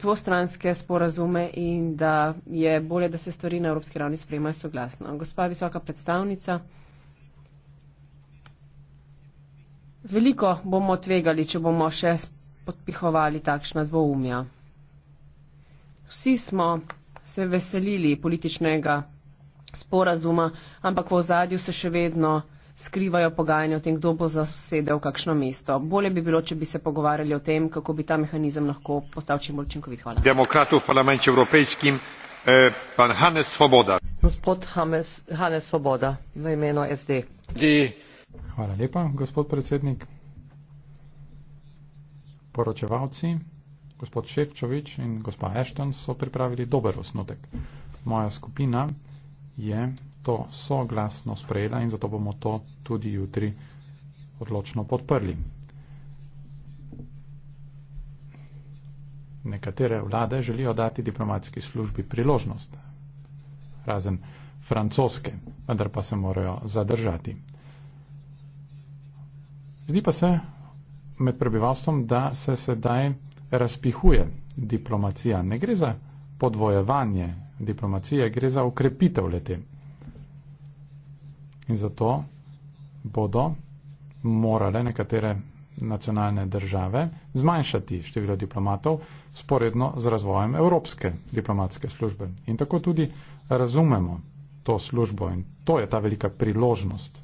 dvostranske sporazume in da je bolje, da se stvari na evropski ravni sprejmajo soglasno. Gospa visoka predstavnica, veliko bomo tvegali, če bomo še podpihovali takšna dvoumja. Vsi smo se veselili političnega sporazuma, ampak v ozadju se še vedno skrivajo pogajanja o tem, kdo bo zasedel kakšno mesto. Bolje bi bilo, če bi se pogovarjali o tem, kako bi ta mehanizem lahko postal čim bolj učinkovit. Hvala. Demokratov v parlamentu evropejskim, eh, pan Hannes Svoboda. Gospod Hames, Hannes Svoboda v imenu SD. Di. Hvala lepa, gospod predsednik. Poročevalci, gospod Ševčovič in gospa Ashton so pripravili dober osnutek. Moja skupina je to soglasno sprejela in zato bomo to tudi jutri odločno podprli. Nekatere vlade želijo dati diplomatski službi priložnost, razen francoske, vendar pa se morajo zadržati. Zdi pa se med prebivalstvom, da se sedaj razpihuje diplomacija. Ne gre za podvojevanje diplomacije, gre za ukrepitev lete. In zato bodo morale nekatere nacionalne države zmanjšati število diplomatov sporedno z razvojem evropske diplomatske službe. In tako tudi razumemo to službo in to je ta velika priložnost.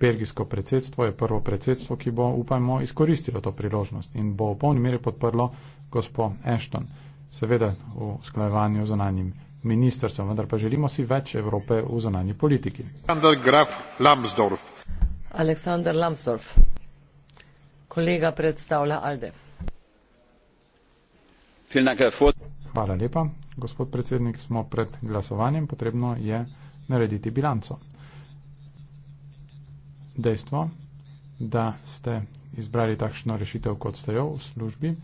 Belgijsko predsedstvo je prvo predsedstvo, ki bo, upajmo, izkoristilo to priložnost in bo v polni meri podprlo gospod Ashton seveda v sklajevanju z onanjim ministrstvom, vendar pa želimo si več Evrope v zonanji politiki. Aleksandar Graf Lambsdorff. Aleksandar Lambsdorff, kolega predstavlja Alde. Hvala lepa, gospod predsednik, smo pred glasovanjem, potrebno je narediti bilanco. Dejstvo, da ste izbrali takšno rešitev, kot ste jo v službi,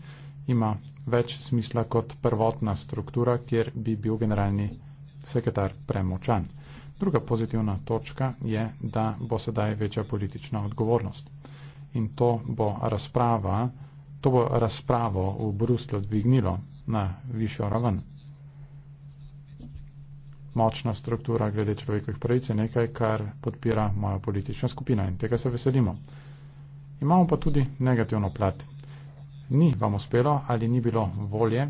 ima več smisla kot prvotna struktura, kjer bi bil generalni sekretar premočan. Druga pozitivna točka je, da bo sedaj večja politična odgovornost. In to bo, razprava, to bo razpravo v Bruslju dvignilo na višjo raven. Močna struktura glede človekovih pravic je nekaj, kar podpira moja politična skupina in tega se veselimo. Imamo pa tudi negativno plat ni vam uspelo ali ni bilo volje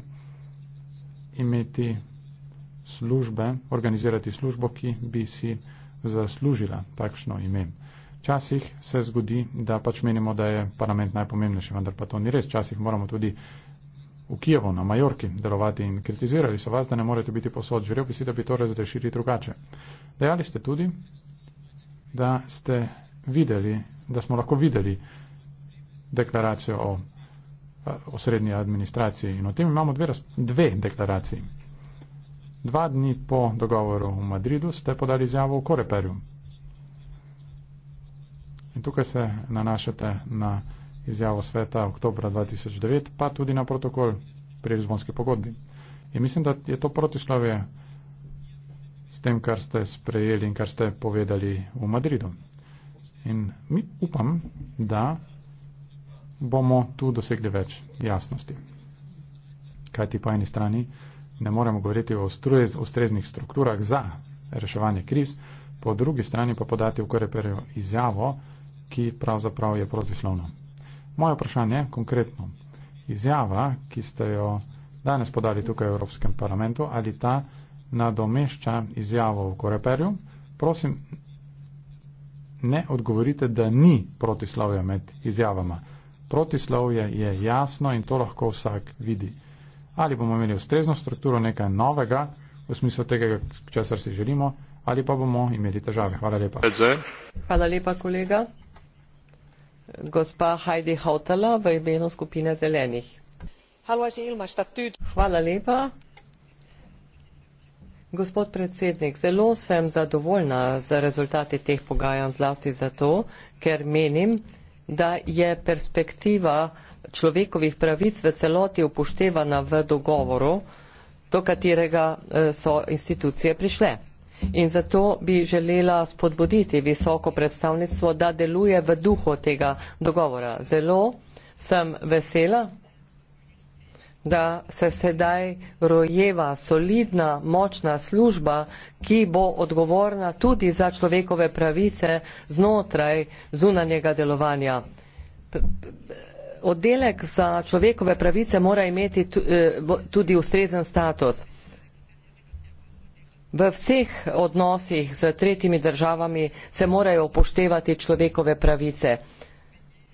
imeti službe, organizirati službo, ki bi si zaslužila takšno ime. Včasih se zgodi, da pač menimo, da je parlament najpomembnejši, vendar pa to ni res. Včasih moramo tudi v Kijevu, na Majorki delovati in kritizirali so vas, da ne morete biti posod. Želel bi si, da bi to razrešili drugače. Dejali ste tudi, da ste videli, da smo lahko videli deklaracijo o Eh, osrednji administraciji. In o tem imamo dve, dve deklaraciji. Dva dni po dogovoru v Madridu ste podali izjavo v Koreperju. In tukaj se nanašate na izjavo sveta oktobra 2009, pa tudi na protokol pri Lizbonski pogodbi. In mislim, da je to protislavje s tem, kar ste sprejeli in kar ste povedali v Madridu. In mi upam, da bomo tu dosegli več jasnosti. Kaj ti po eni strani ne moremo govoriti o ustreznih strukturah za reševanje kriz, po drugi strani pa podati v koreperju izjavo, ki pravzaprav je protislovna. Moje vprašanje konkretno. Izjava, ki ste jo danes podali tukaj v Evropskem parlamentu, ali ta nadomešča izjavo v koreperju, prosim, ne odgovorite, da ni protislovja med izjavama protislovje je jasno in to lahko vsak vidi. Ali bomo imeli ustrezno strukturo nekaj novega v smislu tega, česar si želimo, ali pa bomo imeli težave. Hvala lepa. Hvala lepa, kolega. Gospa Heidi Hautala v imenu skupine zelenih. Hvala lepa. Gospod predsednik, zelo sem zadovoljna za rezultati teh pogajanj zlasti zato, ker menim, da je perspektiva človekovih pravic v celoti upoštevana v dogovoru, do katerega eh, so institucije prišle. In zato bi želela spodbuditi visoko predstavnictvo, da deluje v duhu tega dogovora. Zelo sem vesela, da se sedaj rojeva solidna, močna služba, ki bo odgovorna tudi za človekove pravice znotraj zunanjega delovanja. Oddelek za človekove pravice mora imeti eh, tudi ustrezen status. V vseh odnosih z tretjimi državami se morajo upoštevati človekove pravice.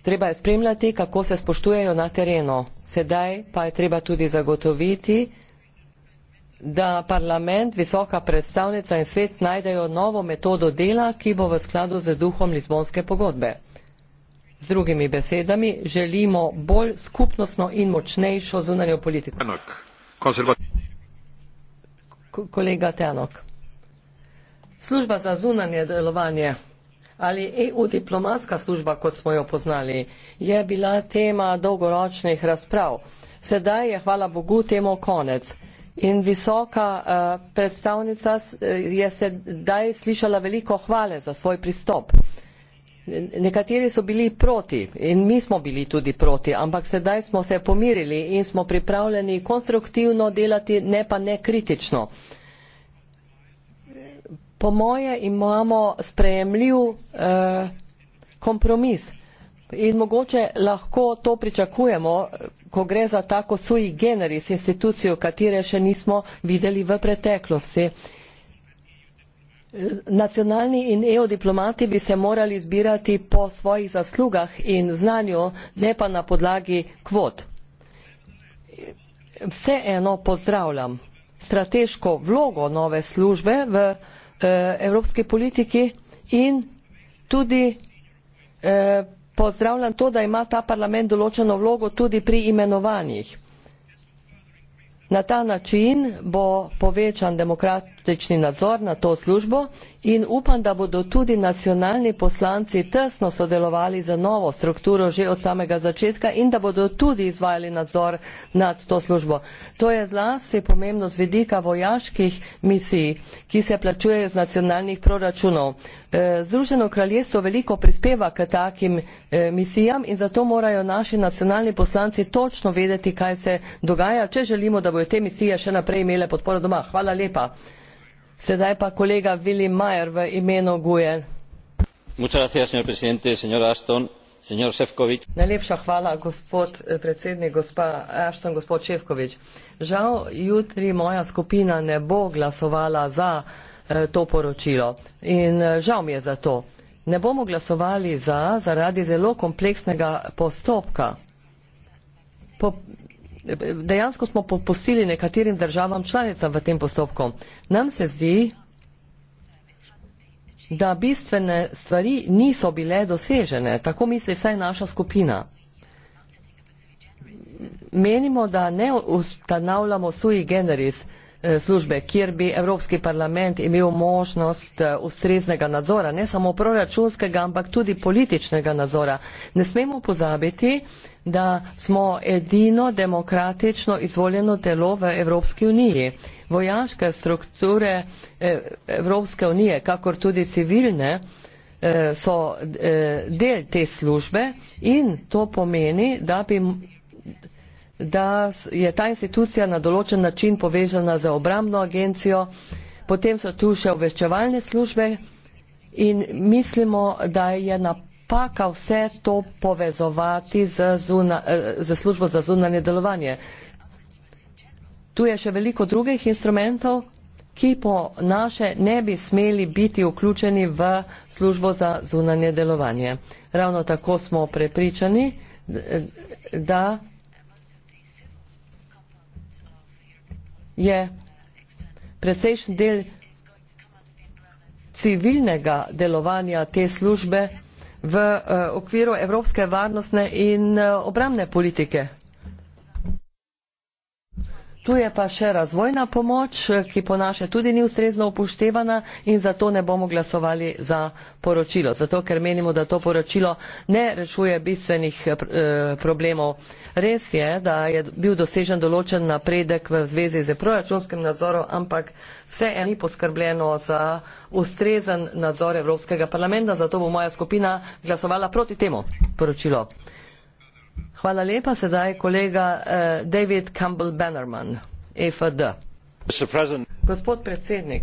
Treba je spremljati, kako se spoštujejo na terenu. Sedaj pa je treba tudi zagotoviti, da parlament, visoka predstavnica in svet najdejo novo metodo dela, ki bo v skladu z duhom Lizbonske pogodbe. Z drugimi besedami, želimo bolj skupnostno in močnejšo zunanjo politiko. Kolega Tenok. Služba za zunanje delovanje. Ali EU diplomatska služba, kot smo jo poznali, je bila tema dolgoročnih razprav. Sedaj je, hvala Bogu, temu konec. In visoka uh, predstavnica eh, je sedaj slišala veliko hvale za svoj pristop. Nekateri so bili proti in mi smo bili tudi proti, ampak sedaj smo se pomirili in smo pripravljeni konstruktivno delati, ne pa ne kritično. Uh, po moje imamo sprejemljiv eh, kompromis in mogoče lahko to pričakujemo, ko gre za tako sui generis institucijo, katere še nismo videli v preteklosti. Nacionalni in EU diplomati bi se morali zbirati po svojih zaslugah in znanju, ne pa na podlagi kvot. Vseeno pozdravljam strateško vlogo nove službe v Eh, evropski politiki in tudi eh, pozdravljam to, da ima ta parlament določeno vlogo tudi pri imenovanjih. Na ta način bo povečan demokrat, inšpekcijski nadzor na to službo in upam, da bodo tudi nacionalni poslanci tesno sodelovali za novo strukturo že od samega začetka in da bodo tudi izvajali nadzor nad to službo. To je zlasti pomembno z vidika vojaških misij, ki se plačujejo iz nacionalnih proračunov. E, Združeno kraljestvo veliko prispeva k takim e, misijam in zato morajo naši nacionalni poslanci točno vedeti, kaj se dogaja, če želimo, da bodo te misije še naprej imele podporo doma. Hvala lepa. Sedaj pa kolega Willy Meyer v imenu Guje. Najlepša hvala, gospod eh, predsednik, gospa Ashton, gospod Šefkovič. Žal jutri moja skupina ne bo glasovala za eh, to poročilo in eh, žal mi je za to. Ne bomo glasovali za zaradi zelo kompleksnega postopka. Po, dejansko smo popustili nekaterim državam članicam v tem postopku. Nam se zdi, da bistvene stvari niso bile dosežene, tako misli vsaj naša skupina. Menimo, da ne ustanavljamo sui generis, Eh, službe, kjer bi Evropski parlament imel možnost eh, ustreznega nadzora, ne samo proračunskega, ampak tudi političnega nadzora. Ne smemo pozabiti, da smo edino demokratično izvoljeno telo v Evropski uniji. Vojaške strukture eh, Evropske unije, kakor tudi civilne, so del te službe in to pomeni, da bi da je ta institucija na določen način povezana z obrambno agencijo, potem so tu še obveščevalne službe in mislimo, da je napaka vse to povezovati z, zuna, eh, z službo za zunanje delovanje. Tu je še veliko drugih instrumentov, ki po naše ne bi smeli biti vključeni v službo za zunanje delovanje. Ravno tako smo prepričani, da je precejšen del civilnega delovanja te službe v eh, okviru evropske varnostne in eh, obramne politike. Tu je pa še razvojna pomoč, ki po naše tudi ni ustrezno upoštevana in zato ne bomo glasovali za poročilo. Zato, ker menimo, da to poročilo ne rešuje bistvenih eh, problemov. Res je, da je bil dosežen določen napredek v zvezi z proračunskim nadzorom, ampak vse eno ni poskrbljeno za ustrezen nadzor Evropskega parlamenta, zato bo moja skupina glasovala proti temu poročilu. Hvala lepa. Sedaj kolega uh, David Campbell Bannerman, EFD. Gospod predsednik,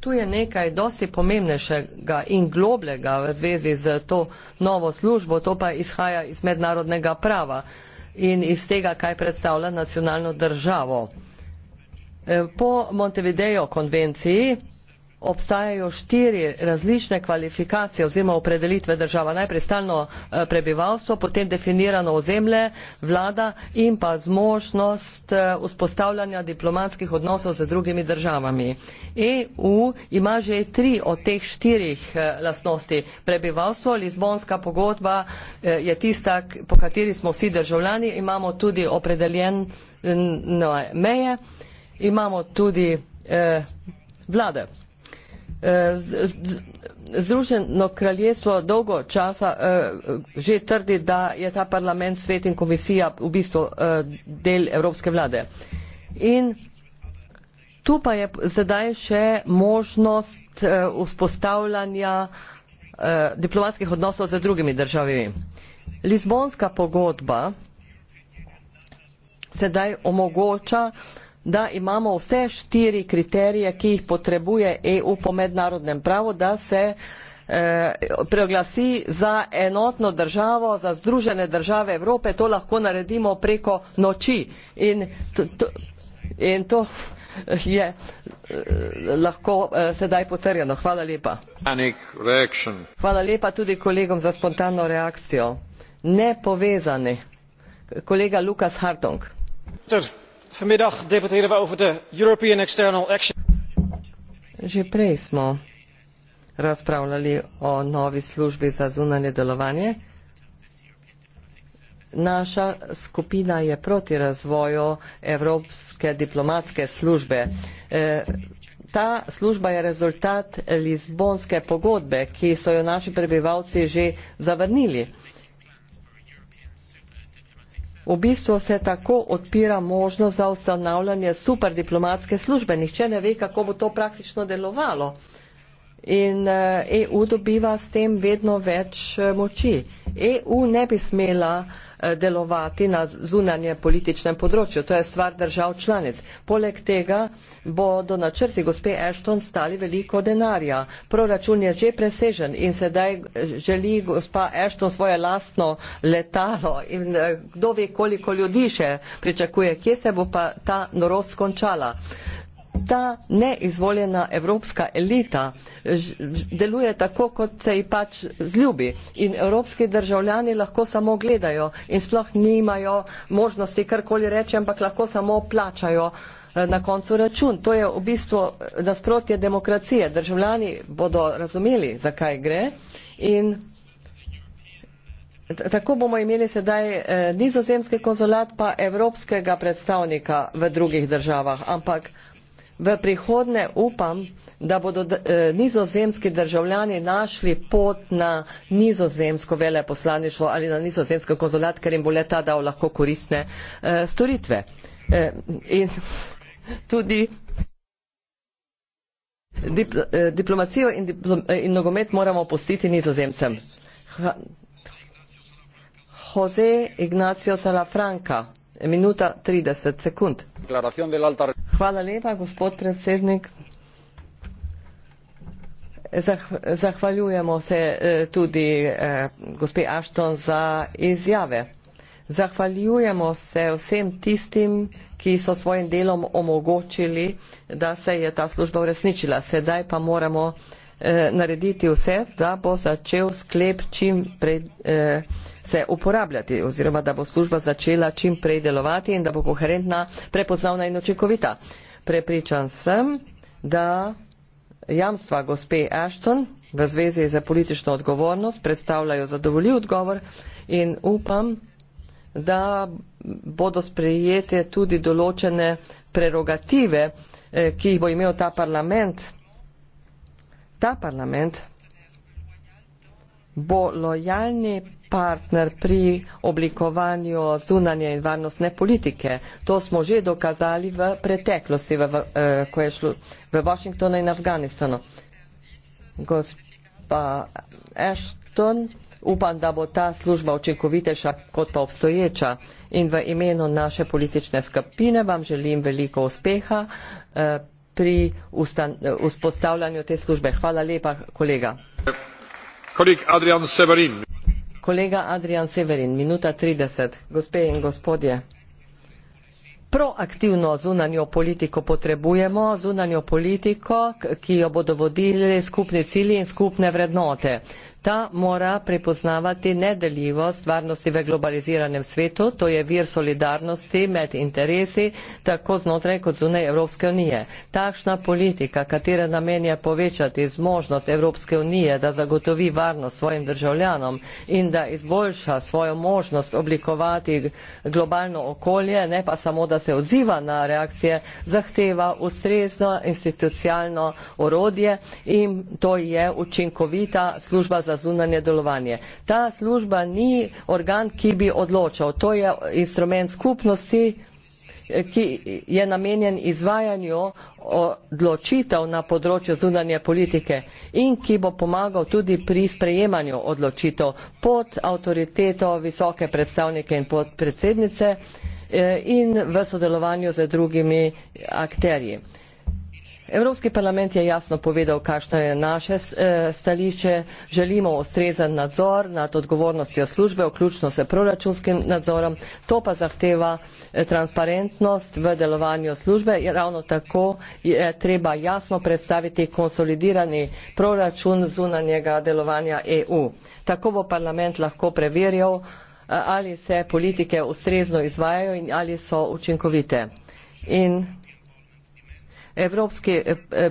tu je nekaj dosti pomembnejšega in globlega v zvezi z to novo službo, to pa izhaja iz mednarodnega prava in iz tega, kaj predstavlja nacionalno državo. Eh, po Montevideo konvenciji obstajajo štiri različne kvalifikacije oziroma opredelitve država. Najprej stalno eh, prebivalstvo, potem definirano ozemlje, vlada in pa zmožnost eh, vzpostavljanja diplomatskih odnosov z drugimi državami. EU ima že tri od teh štirih eh, lastnosti. Prebivalstvo, Lizbonska pogodba je tista, po kateri smo vsi državljani, imamo tudi opredeljene meje, imamo tudi vlade. Združeno kraljestvo dolgo časa eh, že trdi, da je ta parlament, svet in komisija v bistvu eh, del Evropske vlade. In tu pa je zdaj še možnost eh, vzpostavljanja diplomatskih odnosov z drugimi državami. Lizbonska pogodba sedaj omogoča uh, da imamo vse štiri kriterije, ki jih potrebuje EU po mednarodnem pravu, da se eh, preoglasi za enotno državo, za združene države Evrope, to lahko naredimo preko noči. In to, to, in to je eh, lahko eh, sedaj potrjeno. Hvala lepa. Hvala lepa tudi kolegom za spontano reakcijo. Nepovezani. Kolega Lukas Hartong. Sir že prej smo razpravljali o novi službi za zunanje delovanje. Naša skupina je proti razvoju Evropske diplomatske službe. E, ta služba je rezultat Lizbonske pogodbe, ki so jo naši prebivalci že zavrnili. V bistvu se tako odpira možnost za ustanavljanje superdiplomatske službe. Nihče ne ve, kako bo to praktično delovalo in EU eh, e dobiva s tem vedno več eh, moči. EU ne bi smela eh, delovati na zunanje političnem področju, to je stvar držav članic. Poleg tega bodo načrti gospe Ashton stali veliko denarja. Proračun je že presežen in sedaj želi gospa Ashton svoje lastno letalo in kdo ve, koliko ljudi še pričakuje, kje se bo pa ta norost skončala ta neizvoljena evropska elita eh, deluje tako, kot se ji pač zljubi in evropski državljani lahko samo gledajo in sploh nimajo možnosti karkoli reči, ampak lahko samo plačajo eh, na koncu račun. To je v bistvu eh, nasprotje demokracije. Državljani bodo razumeli, zakaj gre in tako bomo imeli sedaj nizozemski konzulat pa evropskega predstavnika v drugih državah, ampak v prihodnje upam, da bodo eh, nizozemski državljani našli pot na nizozemsko veleposlaništvo ali na nizozemsko konzulat, ker jim bo le ta dal lahko koristne eh, storitve. Eh, in tudi diplomacijo in, diplo in nogomet moramo postiti nizozemcem. Jose Ignacio Salafranca minuta trideset sekund. Hvala lepa, gospod predsednik. Zah, zahvaljujemo se eh, tudi eh, gospe Ashton za izjave. Zahvaljujemo se vsem tistim, ki so svojim delom omogočili, da se je ta služba uresničila. Sedaj pa moramo eh, Eh, narediti vse, da bo začel sklep čim prej eh, se uporabljati oziroma da bo služba začela čim prej delovati in da bo koherentna, prepoznavna in očekovita. Prepričan sem, da jamstva gospe Ashton v zvezi za politično odgovornost predstavljajo zadovoljiv odgovor in upam, da bodo sprejete tudi določene prerogative, eh, ki jih bo imel ta parlament ta parlament bo lojalni partner pri oblikovanju zunanje in varnostne politike. To smo že dokazali v preteklosti, v, eh, ko je šlo v Washingtonu in Afganistanu. Gospa Ashton, upam, da bo ta služba učinkovitejša kot pa obstoječa in v imenu naše politične skupine vam želim veliko uspeha eh, pri ustan, vzpostavljanju te službe. Hvala lepa, kolega. Kolega Adrian Severin, minuta 30. Gospe in gospodje, proaktivno zunanjo politiko potrebujemo, zunanjo politiko, ki jo bodo vodili skupni cilji in skupne vrednote. Ta mora prepoznavati nedeljivost varnosti v globaliziranem svetu, to je vir solidarnosti med interesi tako znotraj kot zunaj Evropske unije. Takšna politika, katera namen je povečati zmožnost Evropske unije, da zagotovi varnost svojim državljanom in da izboljša svojo možnost oblikovati globalno okolje, ne pa samo, da se odziva na reakcije, zahteva ustrezno institucionalno orodje in to je učinkovita služba za za zunanje delovanje. Ta služba ni organ, ki bi odločal, to je instrument skupnosti, ki je namenjen izvajanju odločitev na področju zunanje politike in ki bo pomagal tudi pri sprejemanju odločitev pod avtoriteto visoke predstavnike in pod predsednice eh, in v sodelovanju z drugimi akterji. Evropski parlament je jasno povedal, kakšno je naše e, stališče. Želimo ustrezen nadzor nad odgovornostjo službe, vključno se proračunskim nadzorom. To pa zahteva e, transparentnost v delovanju službe. Ravno tako je treba jasno predstaviti konsolidirani proračun zunanjega delovanja EU. Tako bo parlament lahko preverjal, e, ali se politike ustrezno izvajajo in ali so učinkovite. In Evropski eh,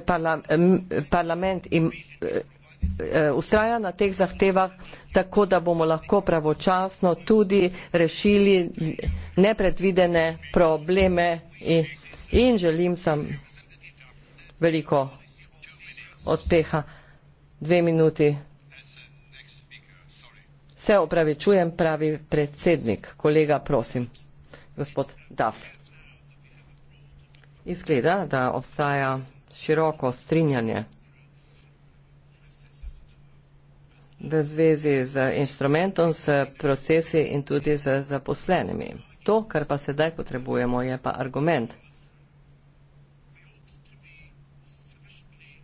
parlament im, eh, eh, ustraja na teh zahtevah, tako da bomo lahko pravočasno tudi rešili nepredvidene probleme in, in želim sem veliko uspeha. Dve minuti. Se opravičujem, pravi predsednik. Kolega, prosim. Gospod Duff. Izgleda, da obstaja široko strinjanje v zvezi z inštrumentom, s procesi in tudi z zaposlenimi. To, kar pa sedaj potrebujemo, je pa argument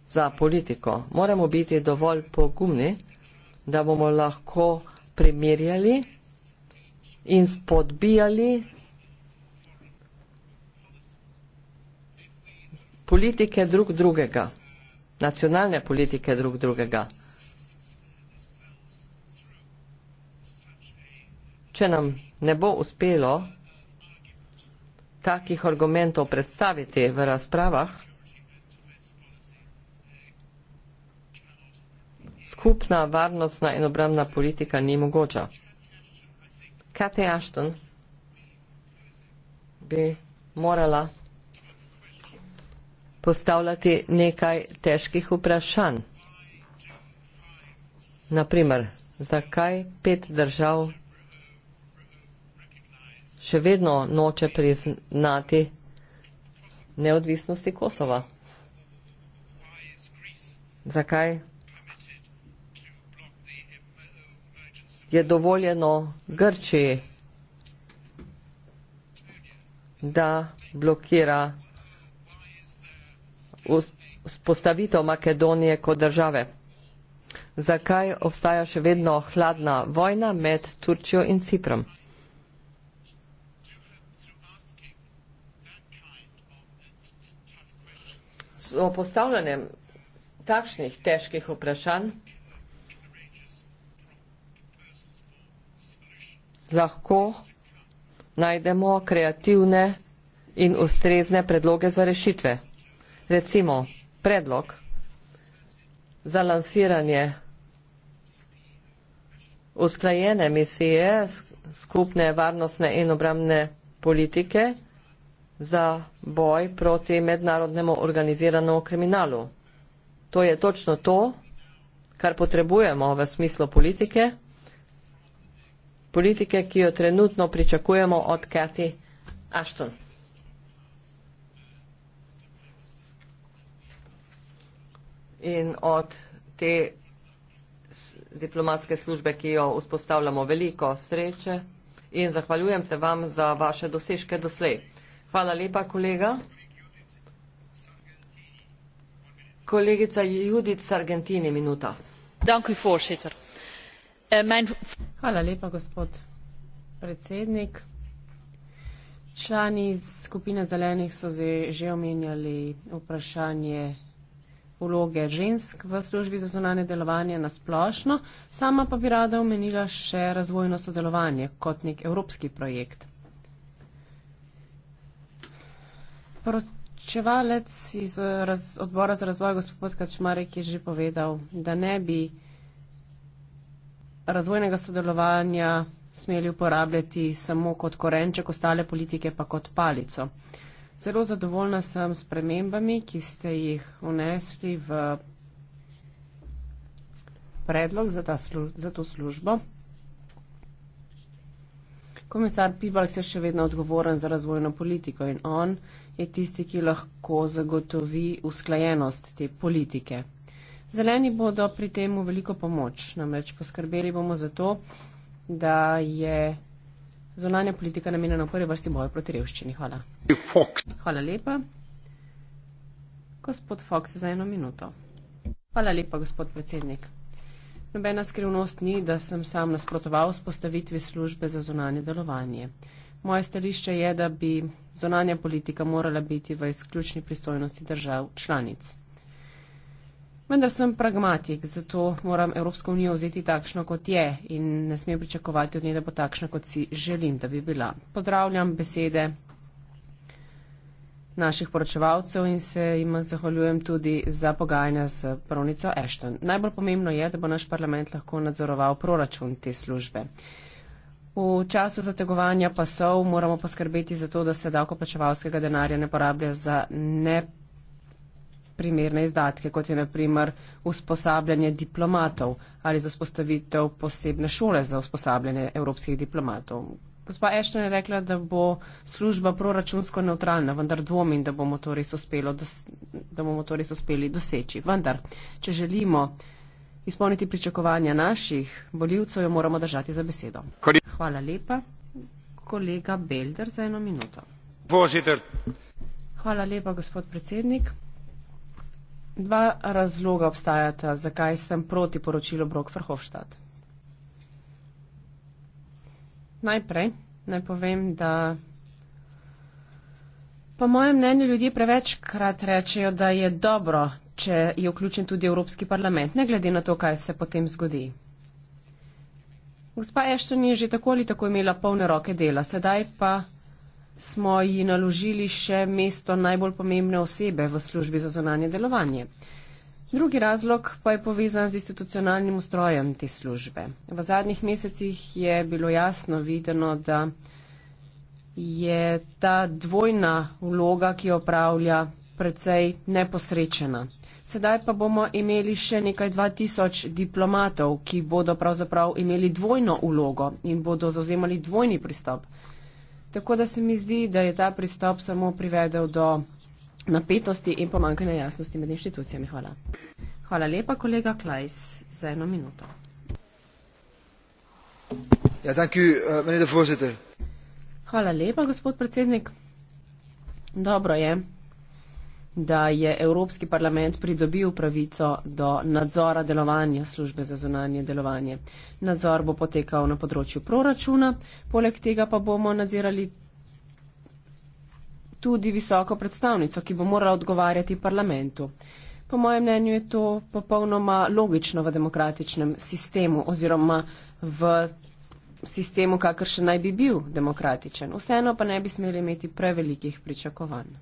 za politiko. Moramo biti dovolj pogumni, da bomo lahko primirjali in spodbijali politike drug drugega, nacionalne politike drug drugega. Če nam ne bo uspelo takih argumentov predstaviti v razpravah, skupna varnostna in obramna politika ni mogoča. Kate Ashton bi morala postavljati nekaj težkih vprašanj. Naprimer, zakaj pet držav še vedno noče priznati neodvisnosti Kosova? Zakaj je dovoljeno Grčiji, da blokira vzpostavitev Makedonije kot države. Zakaj obstaja še vedno hladna vojna med Turčjo in Ciprom? S postavljanjem takšnih težkih vprašanj lahko najdemo kreativne in ustrezne predloge za rešitve recimo predlog za lansiranje usklajene misije skupne varnostne in obramne politike za boj proti mednarodnemu organiziranemu kriminalu. To je točno to, kar potrebujemo v smislu politike, politike, ki jo trenutno pričakujemo od Kathy Ashton. in od te diplomatske službe, ki jo vzpostavljamo veliko sreče in zahvaljujem se vam za vaše dosežke doslej. Hvala lepa, kolega. Kolegica Judith Sargentini, minuta. Eh, Hvala lepa, gospod predsednik. Člani skupine zelenih so že omenjali vprašanje vloge žensk v službi za zunanje delovanje na splošno, sama pa bi rada omenila še razvojno sodelovanje kot nek evropski projekt. Poročevalec iz raz, odbora za razvoj gospod Kačmarek je že povedal, da ne bi razvojnega sodelovanja smeli uporabljati samo kot korenček, ostale politike pa kot palico. Zelo zadovoljna sem s premembami, ki ste jih vnesli v predlog za, slu za to službo. Komisar Pibalk je še vedno odgovoren za razvojno politiko in on je tisti, ki lahko zagotovi usklajenost te politike. Zeleni bodo pri tem veliko pomoč, namreč poskrbeli bomo za to, da je zunanja politika namenjena v prvi vrsti boju proti revščini. Hvala. Fox. Hvala lepa. Gospod Fox za eno minuto. Hvala lepa, gospod predsednik. Nobena skrivnost ni, da sem sam nasprotoval spostavitvi službe za zunanje delovanje. Moje stališče je, da bi zunanja politika morala biti v izključni pristojnosti držav članic. Vendar sem pragmatik, zato moram Evropsko unijo vzeti takšno, kot je in ne smem pričakovati od nje, da bo takšna, kot si želim, da bi bila. Pozdravljam besede naših poročevalcev in se jim zahvaljujem tudi za pogajanja s pravnico Ashton. Najbolj pomembno je, da bo naš parlament lahko nadzoroval proračun te službe. V času zategovanja pasov moramo poskrbeti za to, da se davkoplačevalskega denarja ne porablja za neprej primerne izdatke, kot je naprimer usposabljanje diplomatov ali za spostavitev posebne šole za usposabljanje evropskih diplomatov. Gospa Ešten je rekla, da bo služba proračunsko neutralna, vendar dvomim, da bomo to res, uspelo, da bomo to res uspeli doseči. Vendar, če želimo izpolniti pričakovanja naših voljivcev, jo moramo držati za besedo. Hvala lepa. Kolega Belder za eno minuto. Hvala lepa, gospod predsednik. Dva razloga obstajata, zakaj sem proti poročilu Brok-Frhofstadt. Najprej naj povem, da po mojem mnenju ljudje prevečkrat rečejo, da je dobro, če je vključen tudi Evropski parlament, ne glede na to, kaj se potem zgodi. Gospa Ešton je že tako ali tako imela polne roke dela, sedaj pa smo ji naložili še mesto najbolj pomembne osebe v službi za zonanje delovanje. Drugi razlog pa je povezan z institucionalnim ustrojem te službe. V zadnjih mesecih je bilo jasno videno, da je ta dvojna vloga, ki jo opravlja, precej neposrečena. Sedaj pa bomo imeli še nekaj 2000 diplomatov, ki bodo pravzaprav imeli dvojno vlogo in bodo zauzemali dvojni pristop. Tako da se mi zdi, da je ta pristop samo privedel do napetosti in pomankanja jasnosti med inštitucijami. Hvala. Hvala lepa, kolega Klajs, za eno minuto. Ja, danke, meni da Hvala lepa, gospod predsednik. Dobro je da je Evropski parlament pridobil pravico do nadzora delovanja službe za zunanje delovanje. Nadzor bo potekal na področju proračuna, poleg tega pa bomo nadzirali tudi visoko predstavnico, ki bo morala odgovarjati parlamentu. Po mojem mnenju je to popolnoma logično v demokratičnem sistemu oziroma v sistemu, kakršen naj bi bil demokratičen. Vseeno pa ne bi smeli imeti prevelikih pričakovanj.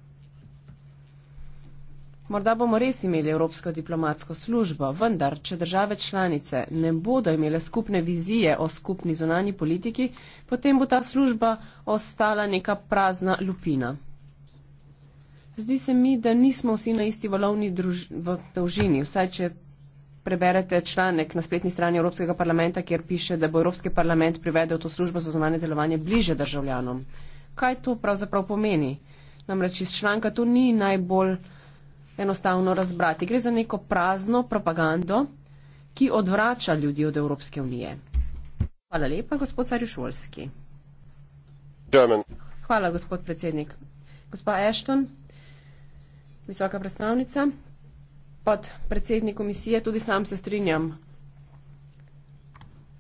Morda bomo res imeli evropsko diplomatsko službo, vendar, če države članice ne bodo imele skupne vizije o skupni zunani politiki, potem bo ta služba ostala neka prazna lupina. Zdi se mi, da nismo vsi na isti valovni dolžini, vsaj če preberete članek na spletni strani Evropskega parlamenta, kjer piše, da bo Evropski parlament privedel to službo za zunanje delovanje bliže državljanom. Kaj to pravzaprav pomeni? Namreč iz članka to ni najbolj enostavno razbrati. Gre za neko prazno propagando, ki odvrača ljudi od Evropske unije. Hvala lepa, gospod Sarišvolski. Hvala, gospod predsednik. Gospa Ashton, visoka predstavnica, pod predsednik komisije, tudi sam se strinjam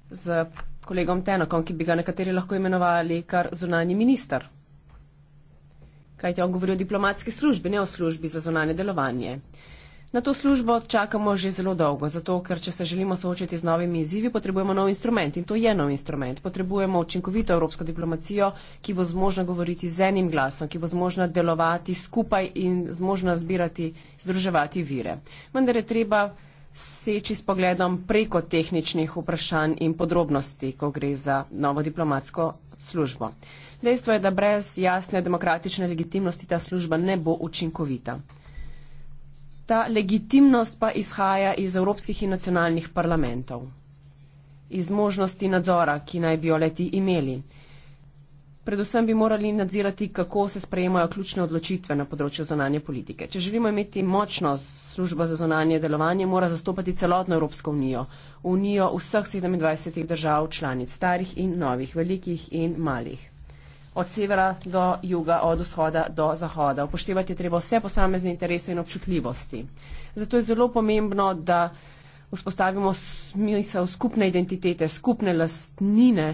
z kolegom Tenokom, ki bi ga nekateri lahko imenovali kar zunanji minister kajti on govori o diplomatski službi, ne o službi za zonanje delovanje. Na to službo čakamo že zelo dolgo, zato ker če se želimo soočiti z novimi izzivi, potrebujemo nov instrument in to je nov instrument. Potrebujemo učinkovito evropsko diplomacijo, ki bo zmožna govoriti z enim glasom, ki bo zmožna delovati skupaj in zmožna zbirati, združevati vire. Vendar je treba seči s pogledom preko tehničnih vprašanj in podrobnosti, ko gre za novo diplomatsko službo. Dejstvo je, da brez jasne demokratične legitimnosti ta služba ne bo učinkovita. Ta legitimnost pa izhaja iz evropskih in nacionalnih parlamentov, iz možnosti nadzora, ki naj bi jo leti imeli. Predvsem bi morali nadzirati, kako se sprejemajo ključne odločitve na področju zonanje politike. Če želimo imeti močno službo za zonanje delovanje, mora zastopati celotno Evropsko unijo, unijo vseh 27 držav članic, starih in novih, velikih in malih od severa do juga, od vzhoda do zahoda. Upoštevati je treba vse posamezne interese in občutljivosti. Zato je zelo pomembno, da vzpostavimo smisel skupne identitete, skupne lastnine,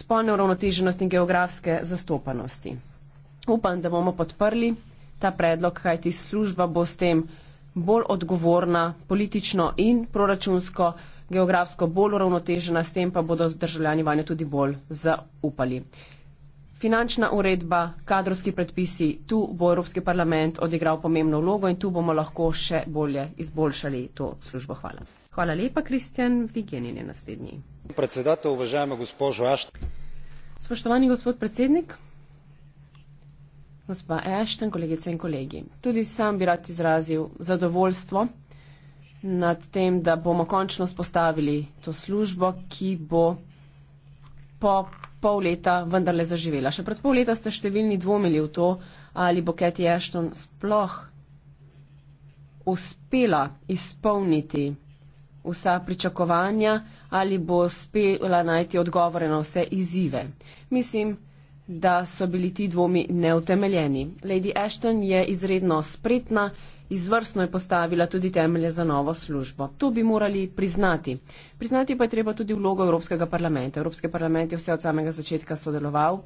spolne uravnoteženosti in geografske zastopanosti. Upam, da bomo podprli ta predlog, kajti služba bo s tem bolj odgovorna politično in proračunsko, geografsko bolj uravnotežena, s tem pa bodo državljani vanjo tudi bolj zaupali finančna uredba, kadrovski predpisi, tu bo Evropski parlament odigral pomembno vlogo in tu bomo lahko še bolje izboljšali to službo. Hvala. Hvala lepa, Kristjan. Vigenin je naslednji. Predsedatelj, uvažajmo gospod Žuašt. Spoštovani gospod predsednik, gospa Ešten, kolegice in kolegi. Tudi sam bi rad izrazil zadovoljstvo nad tem, da bomo končno spostavili to službo, ki bo po pol leta vendarle zaživela. Še pred pol leta ste številni dvomili v to, ali bo Cathy Ashton sploh uspela izpolniti vsa pričakovanja ali bo uspela najti odgovore na vse izzive. Mislim, da so bili ti dvomi neutemeljeni. Lady Ashton je izredno spretna, izvrstno je postavila tudi temelje za novo službo. To bi morali priznati. Priznati pa je treba tudi vlogo Evropskega parlamenta. Evropski parlament je vse od samega začetka sodeloval.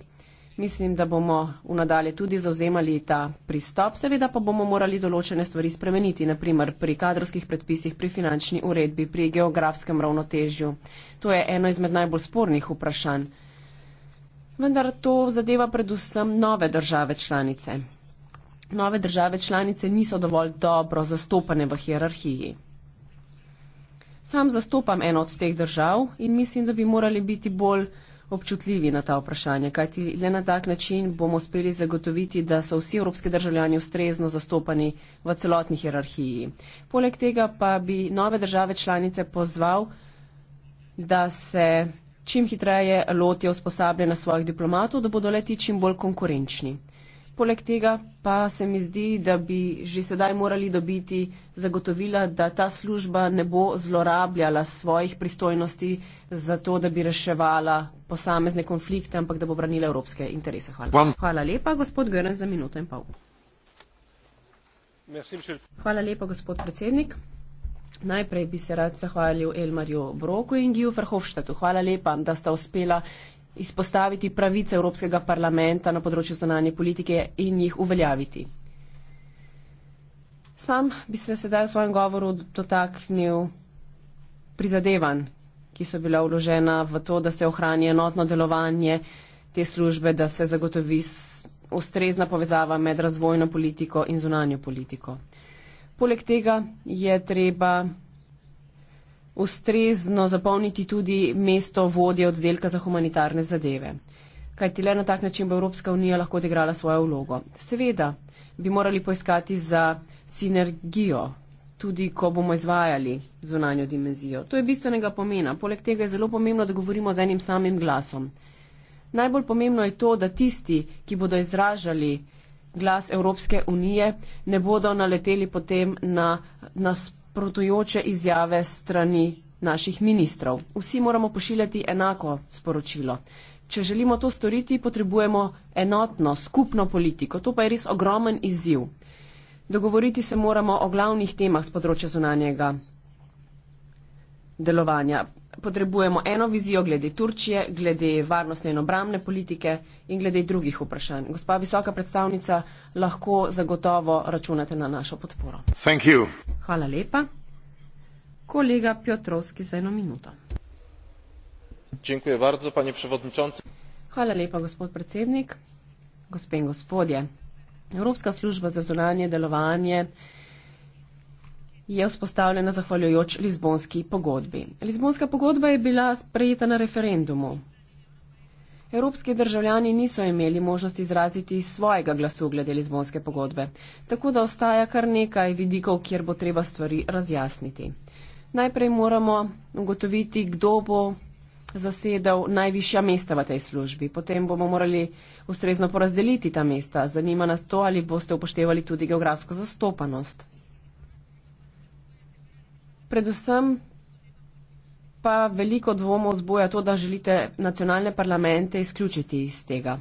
Mislim, da bomo v nadalje tudi zauzemali ta pristop. Seveda pa bomo morali določene stvari spremeniti, naprimer pri kadrovskih predpisih, pri finančni uredbi, pri geografskem ravnotežju. To je eno izmed najbolj spornih vprašanj. Vendar to zadeva predvsem nove države članice nove države članice niso dovolj dobro zastopane v hierarhiji. Sam zastopam eno od teh držav in mislim, da bi morali biti bolj občutljivi na ta vprašanja, kajti le na tak način bomo uspeli zagotoviti, da so vsi evropski državljani ustrezno zastopani v celotni hierarhiji. Poleg tega pa bi nove države članice pozval, da se čim hitreje lotijo usposabljanja svojih diplomatov, da bodo leti čim bolj konkurenčni. Poleg tega pa se mi zdi, da bi že sedaj morali dobiti zagotovila, da ta služba ne bo zlorabljala svojih pristojnosti za to, da bi reševala posamezne konflikte, ampak da bo branila evropske interese. Hvala. Hvala lepa, gospod Grn, za minuto in pol. Hvala lepa, gospod predsednik. Najprej bi se rad zahvalil Elmarju Broku in Giju Verhofštatu. Hvala lepa, da sta uspela izpostaviti pravice Evropskega parlamenta na področju zonanje politike in jih uveljaviti. Sam bi se sedaj v svojem govoru dotaknil prizadevanj, ki so bila vložena v to, da se ohrani enotno delovanje te službe, da se zagotovi ustrezna povezava med razvojno politiko in zunanjo politiko. Poleg tega je treba ustrezno zapolniti tudi mesto vodje oddelka za humanitarne zadeve. Kaj ti le na tak način bo Evropska unija lahko odigrala svojo vlogo? Seveda bi morali poiskati za sinergijo, tudi ko bomo izvajali zunanjo dimenzijo. To je bistvenega pomena. Poleg tega je zelo pomembno, da govorimo z enim samim glasom. Najbolj pomembno je to, da tisti, ki bodo izražali glas Evropske unije, ne bodo naleteli potem na nasprotnike nasprotujoče izjave strani naših ministrov. Vsi moramo pošiljati enako sporočilo. Če želimo to storiti, potrebujemo enotno, skupno politiko. To pa je res ogromen izziv. Dogovoriti se moramo o glavnih temah z področja zunanjega delovanja potrebujemo eno vizijo glede Turčije, glede varnostne in obramne politike in glede drugih vprašanj. Gospa visoka predstavnica, lahko zagotovo računate na našo podporo. Hvala lepa. Kolega Piotrovski za eno minuto. Bardzo, Hvala lepa, gospod predsednik. Gospe in gospodje, Evropska služba za zunanje delovanje je vzpostavljena zahvaljujoč Lizbonski pogodbi. Lizbonska pogodba je bila sprejeta na referendumu. Evropski državljani niso imeli možnosti izraziti svojega glasu glede Lizbonske pogodbe, tako da ostaja kar nekaj vidikov, kjer bo treba stvari razjasniti. Najprej moramo ugotoviti, kdo bo zasedal najvišja mesta v tej službi. Potem bomo morali ustrezno porazdeliti ta mesta. Zanima nas to, ali boste upoštevali tudi geografsko zastopanost predvsem pa veliko dvomov zboja to, da želite nacionalne parlamente izključiti iz tega.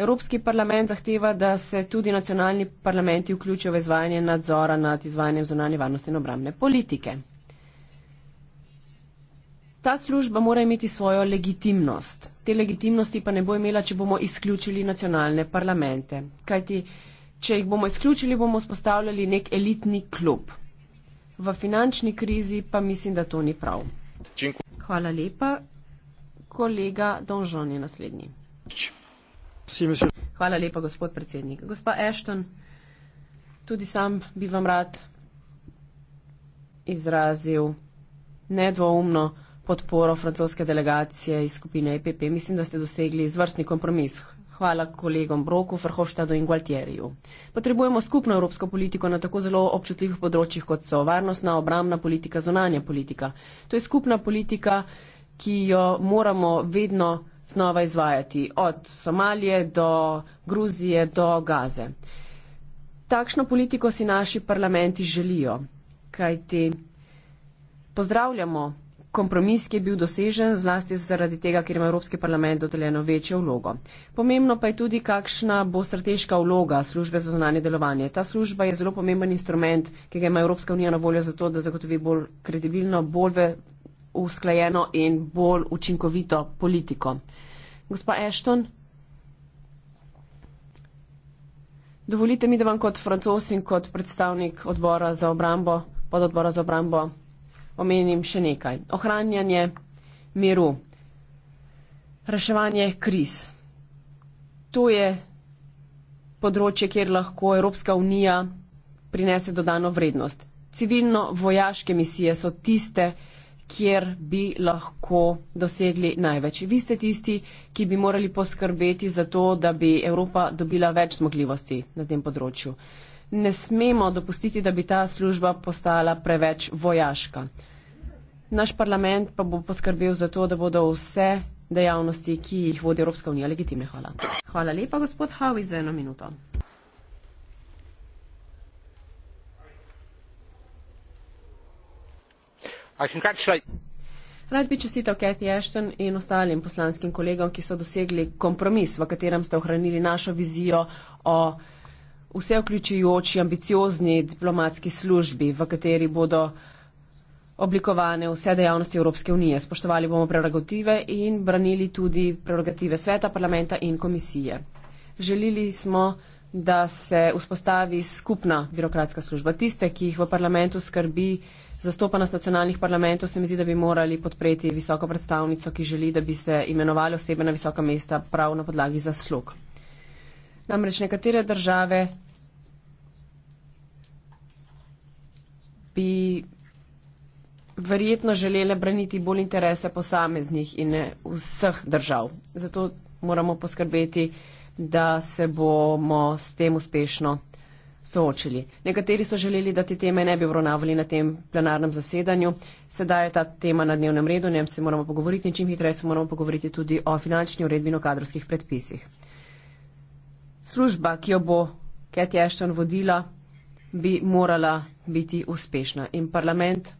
Evropski parlament zahteva, da se tudi nacionalni parlamenti vključijo v izvajanje nadzora nad izvajanjem zunanje varnosti in obramne politike. Ta služba mora imeti svojo legitimnost. Te legitimnosti pa ne bo imela, če bomo izključili nacionalne parlamente. Kajti, če jih bomo izključili, bomo spostavljali nek elitni klub v finančni krizi pa mislim, da to ni prav. Hvala lepa. Kolega Donžon je naslednji. Hvala lepa, gospod predsednik. Gospa Ashton, tudi sam bi vam rad izrazil nedvoumno podporo francoske delegacije iz skupine EPP. Mislim, da ste dosegli izvrstni kompromis. Hvala kolegom Broku, Frhoštadu in Gualtjeriju. Potrebujemo skupno evropsko politiko na tako zelo občutljivih področjih, kot so varnostna, obramna politika, zonanja politika. To je skupna politika, ki jo moramo vedno znova izvajati, od Somalije do Gruzije do Gaze. Takšno politiko si naši parlamenti želijo, kajti pozdravljamo kompromis, ki je bil dosežen zlasti zaradi tega, ker ima Evropski parlament doteljeno večjo vlogo. Pomembno pa je tudi, kakšna bo strateška vloga službe za zonanje delovanje. Ta služba je zelo pomemben instrument, ki ga ima Evropska unija na voljo za to, da zagotovi bolj kredibilno, bolj usklajeno in bolj učinkovito politiko. Gospa Ashton. Dovolite mi, da vam kot francos in kot predstavnik odbora za obrambo, pododbora za obrambo, omenim še nekaj. Ohranjanje miru, reševanje kriz. To je področje, kjer lahko Evropska unija prinese dodano vrednost. Civilno-vojaške misije so tiste, kjer bi lahko dosegli največ. Vi ste tisti, ki bi morali poskrbeti za to, da bi Evropa dobila več zmogljivosti na tem področju. Ne smemo dopustiti, da bi ta služba postala preveč vojaška. Naš parlament pa bo poskrbel za to, da bodo vse dejavnosti, ki jih vodi Evropska unija, legitimne. Hvala. Hvala lepa, gospod Havid, za eno minuto. Rad bi čestital Kathy Ashton in ostalim poslanskim kolegom, ki so dosegli kompromis, v katerem ste ohranili našo vizijo o vseoključujoči ambiciozni diplomatski službi, v kateri bodo oblikovane vse dejavnosti Evropske unije. Spoštovali bomo prerogative in branili tudi prerogative sveta, parlamenta in komisije. Želili smo, da se vzpostavi skupna birokratska služba. Tiste, ki jih v parlamentu skrbi zastopanost nacionalnih parlamentov, se mi zdi, da bi morali podpreti visoko predstavnico, ki želi, da bi se imenovali osebe na visoka mesta prav na podlagi zaslug. Namreč nekatere države bi verjetno želele braniti bolj interese posameznih in ne vseh držav. Zato moramo poskrbeti, da se bomo s tem uspešno soočili. Nekateri so želeli, da te teme ne bi obravnavali na tem plenarnem zasedanju. Sedaj je ta tema na dnevnem redu, o njem se moramo pogovoriti in čim hitreje se moramo pogovoriti tudi o finančni uredbi in o kadrovskih predpisih. Služba, ki jo bo Cathy Ashton vodila, bi morala biti uspešna in parlament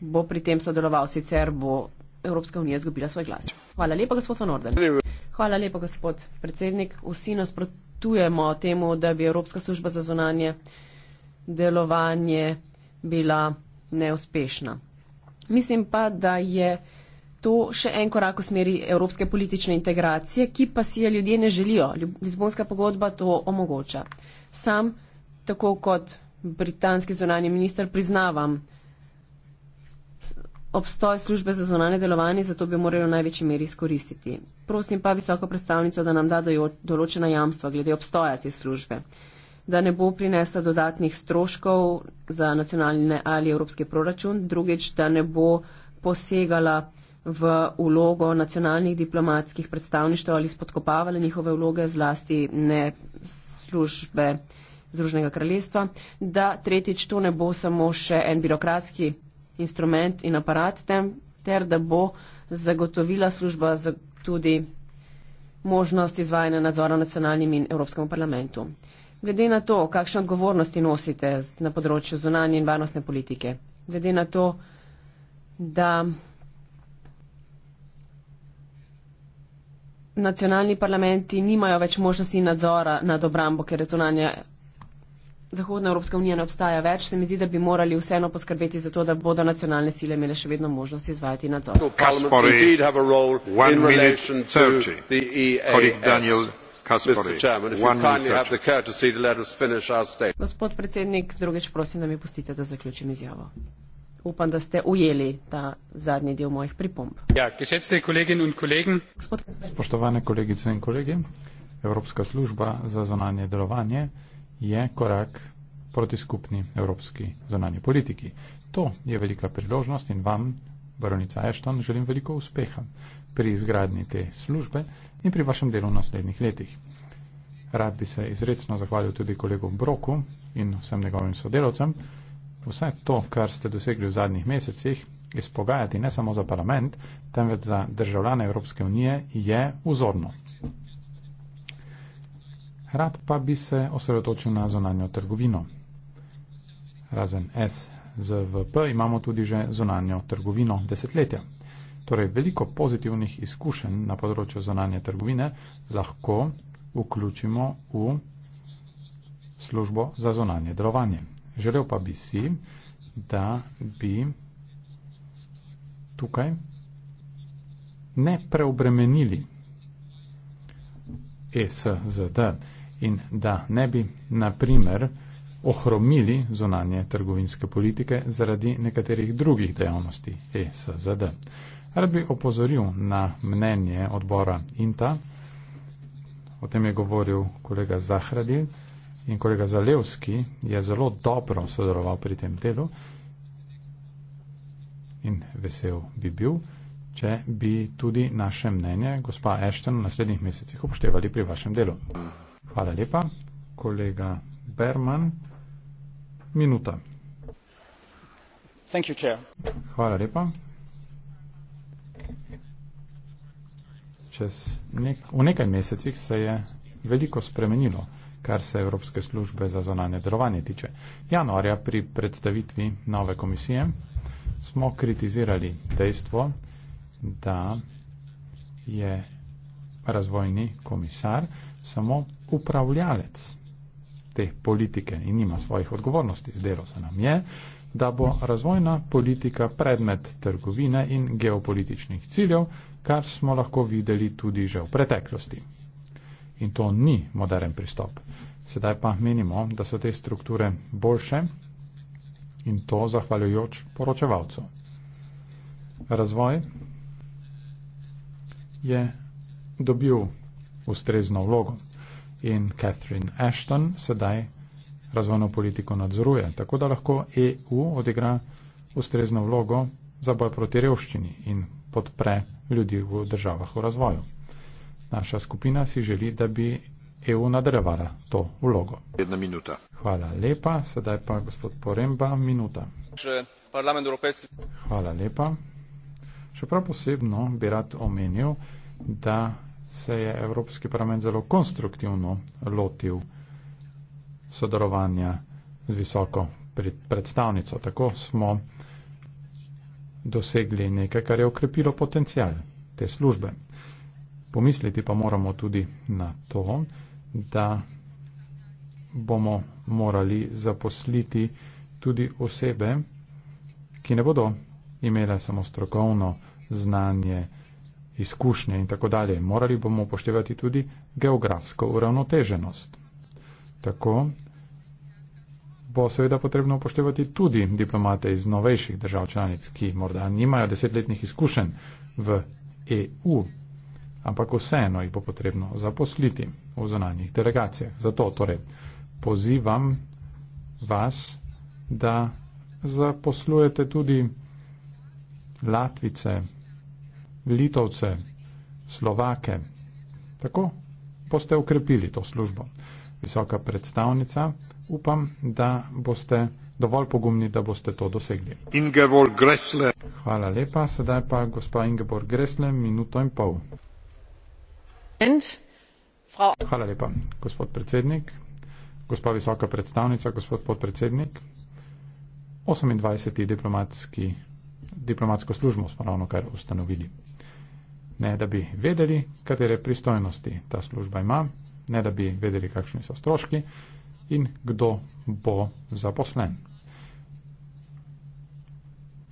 bo pri tem sodeloval, sicer bo Evropska unija izgubila svoj glas. Hvala lepa, gospod Van Orden. Hvala lepa, gospod predsednik. Vsi nasprotujemo temu, da bi Evropska služba za zunanje delovanje bila neuspešna. Mislim pa, da je to še en korak v smeri evropske politične integracije, ki pa si je ljudje ne želijo. Lizbonska pogodba to omogoča. Sam, tako kot britanski zunani minister, priznavam, obstoj službe za zonanje delovanje, zato bi morali v največji meri izkoristiti. Prosim pa visoko predstavnico, da nam da določena jamstva glede obstoja te službe, da ne bo prinesla dodatnih stroškov za nacionalne ali evropski proračun, drugič, da ne bo posegala v ulogo nacionalnih diplomatskih predstavništv ali spodkopavala njihove vloge zlasti ne službe Združenega kraljestva, da tretjič to ne bo samo še en birokratski instrument in aparat tem, ter da bo zagotovila služba za tudi možnost izvajanja nadzora v nacionalnim in evropskem parlamentu. Glede na to, kakšne odgovornosti nosite na področju zunanje in varnostne politike, glede na to, da nacionalni parlamenti nimajo več možnosti nadzora nad obrambo, ker je zunanje Zahodna Evropska unija ne obstaja več, se mi zdi, da bi morali vseeno poskrbeti za to, da bodo nacionalne sile imele še vedno možnost izvajati nadzor. E Gospod predsednik, drugič prosim, da mi pustite, da zaključim izjavo. Upam, da ste ujeli ta zadnji del mojih pripomb. Ja, Spoštovane kolegice in kolegi, Evropska služba za zonanje delovanje je korak proti skupni evropski zonanji politiki. To je velika priložnost in vam, baronica Ashton, želim veliko uspeha pri izgradnji te službe in pri vašem delu v naslednjih letih. Rad bi se izredno zahvalil tudi kolegu Broku in vsem njegovim sodelovcem. Vse to, kar ste dosegli v zadnjih mesecih, izpogajati ne samo za parlament, temveč za državljane Evropske unije, je vzorno rad pa bi se osredotočil na zonanjo trgovino. Razen S z VP imamo tudi že zonanjo trgovino desetletja. Torej veliko pozitivnih izkušenj na področju zonanje trgovine lahko vključimo v službo za zonanje delovanje. Želel pa bi si, da bi tukaj ne preobremenili ESZD in da ne bi, na primer, ohromili zunanje trgovinske politike zaradi nekaterih drugih dejavnosti ESZD. Rad bi opozoril na mnenje odbora INTA, o tem je govoril kolega Zahradil in kolega Zalevski je zelo dobro sodeloval pri tem delu in vesel bi bil, če bi tudi naše mnenje, gospa Ešten, v naslednjih mesecih upoštevali pri vašem delu. Hvala lepa. Kolega Berman, minuta. Thank you, chair. Hvala lepa. Čez nek, v nekaj mesecih se je veliko spremenilo, kar se Evropske službe za zonanje delovanje tiče. Januarja pri predstavitvi nove komisije smo kritizirali dejstvo, da je razvojni komisar samo upravljalec te politike in nima svojih odgovornosti. Zdelo se nam je, da bo razvojna politika predmet trgovine in geopolitičnih ciljev, kar smo lahko videli tudi že v preteklosti. In to ni modern pristop. Sedaj pa menimo, da so te strukture boljše in to zahvaljujoč poročevalcu. Razvoj je dobil ustrezno vlogo. In Catherine Ashton sedaj razvojno politiko nadzoruje, tako da lahko EU odigra ustrezno vlogo za boj proti revščini in podpre ljudi v državah v razvoju. Naša skupina si želi, da bi EU nadaljevala to vlogo. Jedna minuta. Hvala lepa, sedaj pa gospod Poremba, minuta. Hvala lepa. Še prav posebno bi rad omenil, da se je Evropski parlament zelo konstruktivno lotil sodelovanja z visoko predstavnico. Tako smo dosegli nekaj, kar je okrepilo potencial te službe. Pomisliti pa moramo tudi na to, da bomo morali zaposliti tudi osebe, ki ne bodo imele samo strokovno znanje, izkušnje in tako dalje. Morali bomo upoštevati tudi geografsko uravnoteženost. Tako bo seveda potrebno upoštevati tudi diplomate iz novejših držav članic, ki morda nimajo desetletnih izkušenj v EU, ampak vseeno jih bo potrebno zaposliti v zonanjih delegacijah. Zato torej pozivam vas, da zaposlujete tudi Latvice, Litovce, Slovake. Tako boste ukrepili to službo. Visoka predstavnica, upam, da boste dovolj pogumni, da boste to dosegli. Ingeborg Gresle. Hvala lepa, sedaj pa gospa Ingeborg Gresle, minuto in pol. Hvala lepa, gospod predsednik, gospa visoka predstavnica, gospod podpredsednik. 28. diplomatski, diplomatsko službo smo ravno kar ustanovili ne da bi vedeli, katere pristojnosti ta služba ima, ne da bi vedeli, kakšni so stroški in kdo bo zaposlen.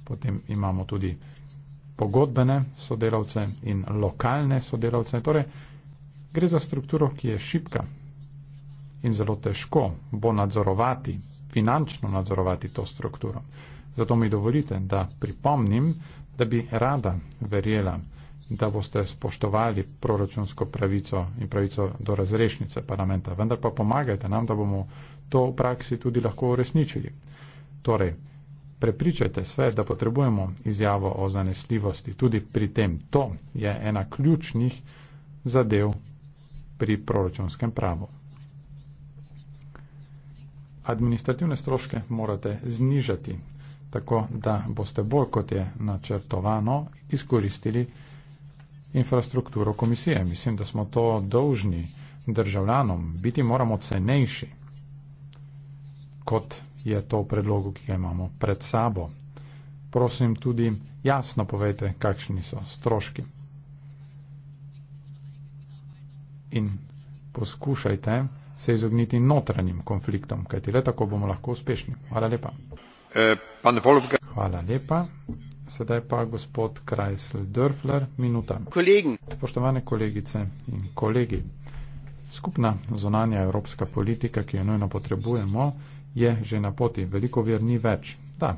Potem imamo tudi pogodbene sodelavce in lokalne sodelavce. Torej, gre za strukturo, ki je šipka in zelo težko bo nadzorovati, finančno nadzorovati to strukturo. Zato mi dovolite, da pripomnim, da bi rada verjela da boste spoštovali proračunsko pravico in pravico do razrešnice parlamenta, vendar pa pomagajte nam, da bomo to v praksi tudi lahko uresničili. Torej, prepričajte sve, da potrebujemo izjavo o zanesljivosti tudi pri tem. To je ena ključnih zadev pri proračunskem pravu. Administrativne stroške morate znižati, tako da boste bolj kot je načrtovano izkoristili infrastrukturo komisije. Mislim, da smo to dolžni državljanom. Biti moramo cenejši, kot je to v predlogu, ki ga imamo pred sabo. Prosim tudi jasno povejte, kakšni so stroški. In poskušajte se izogniti notranjim konfliktom, kajti le tako bomo lahko uspešni. Hvala lepa. Eh, Hvala lepa. Sedaj pa gospod Krajsl Dörfler, minuta. Kolegi. Poštovane kolegice in kolegi. Skupna zonanja evropska politika, ki jo nujno potrebujemo, je že na poti. Veliko vir ni več. Da,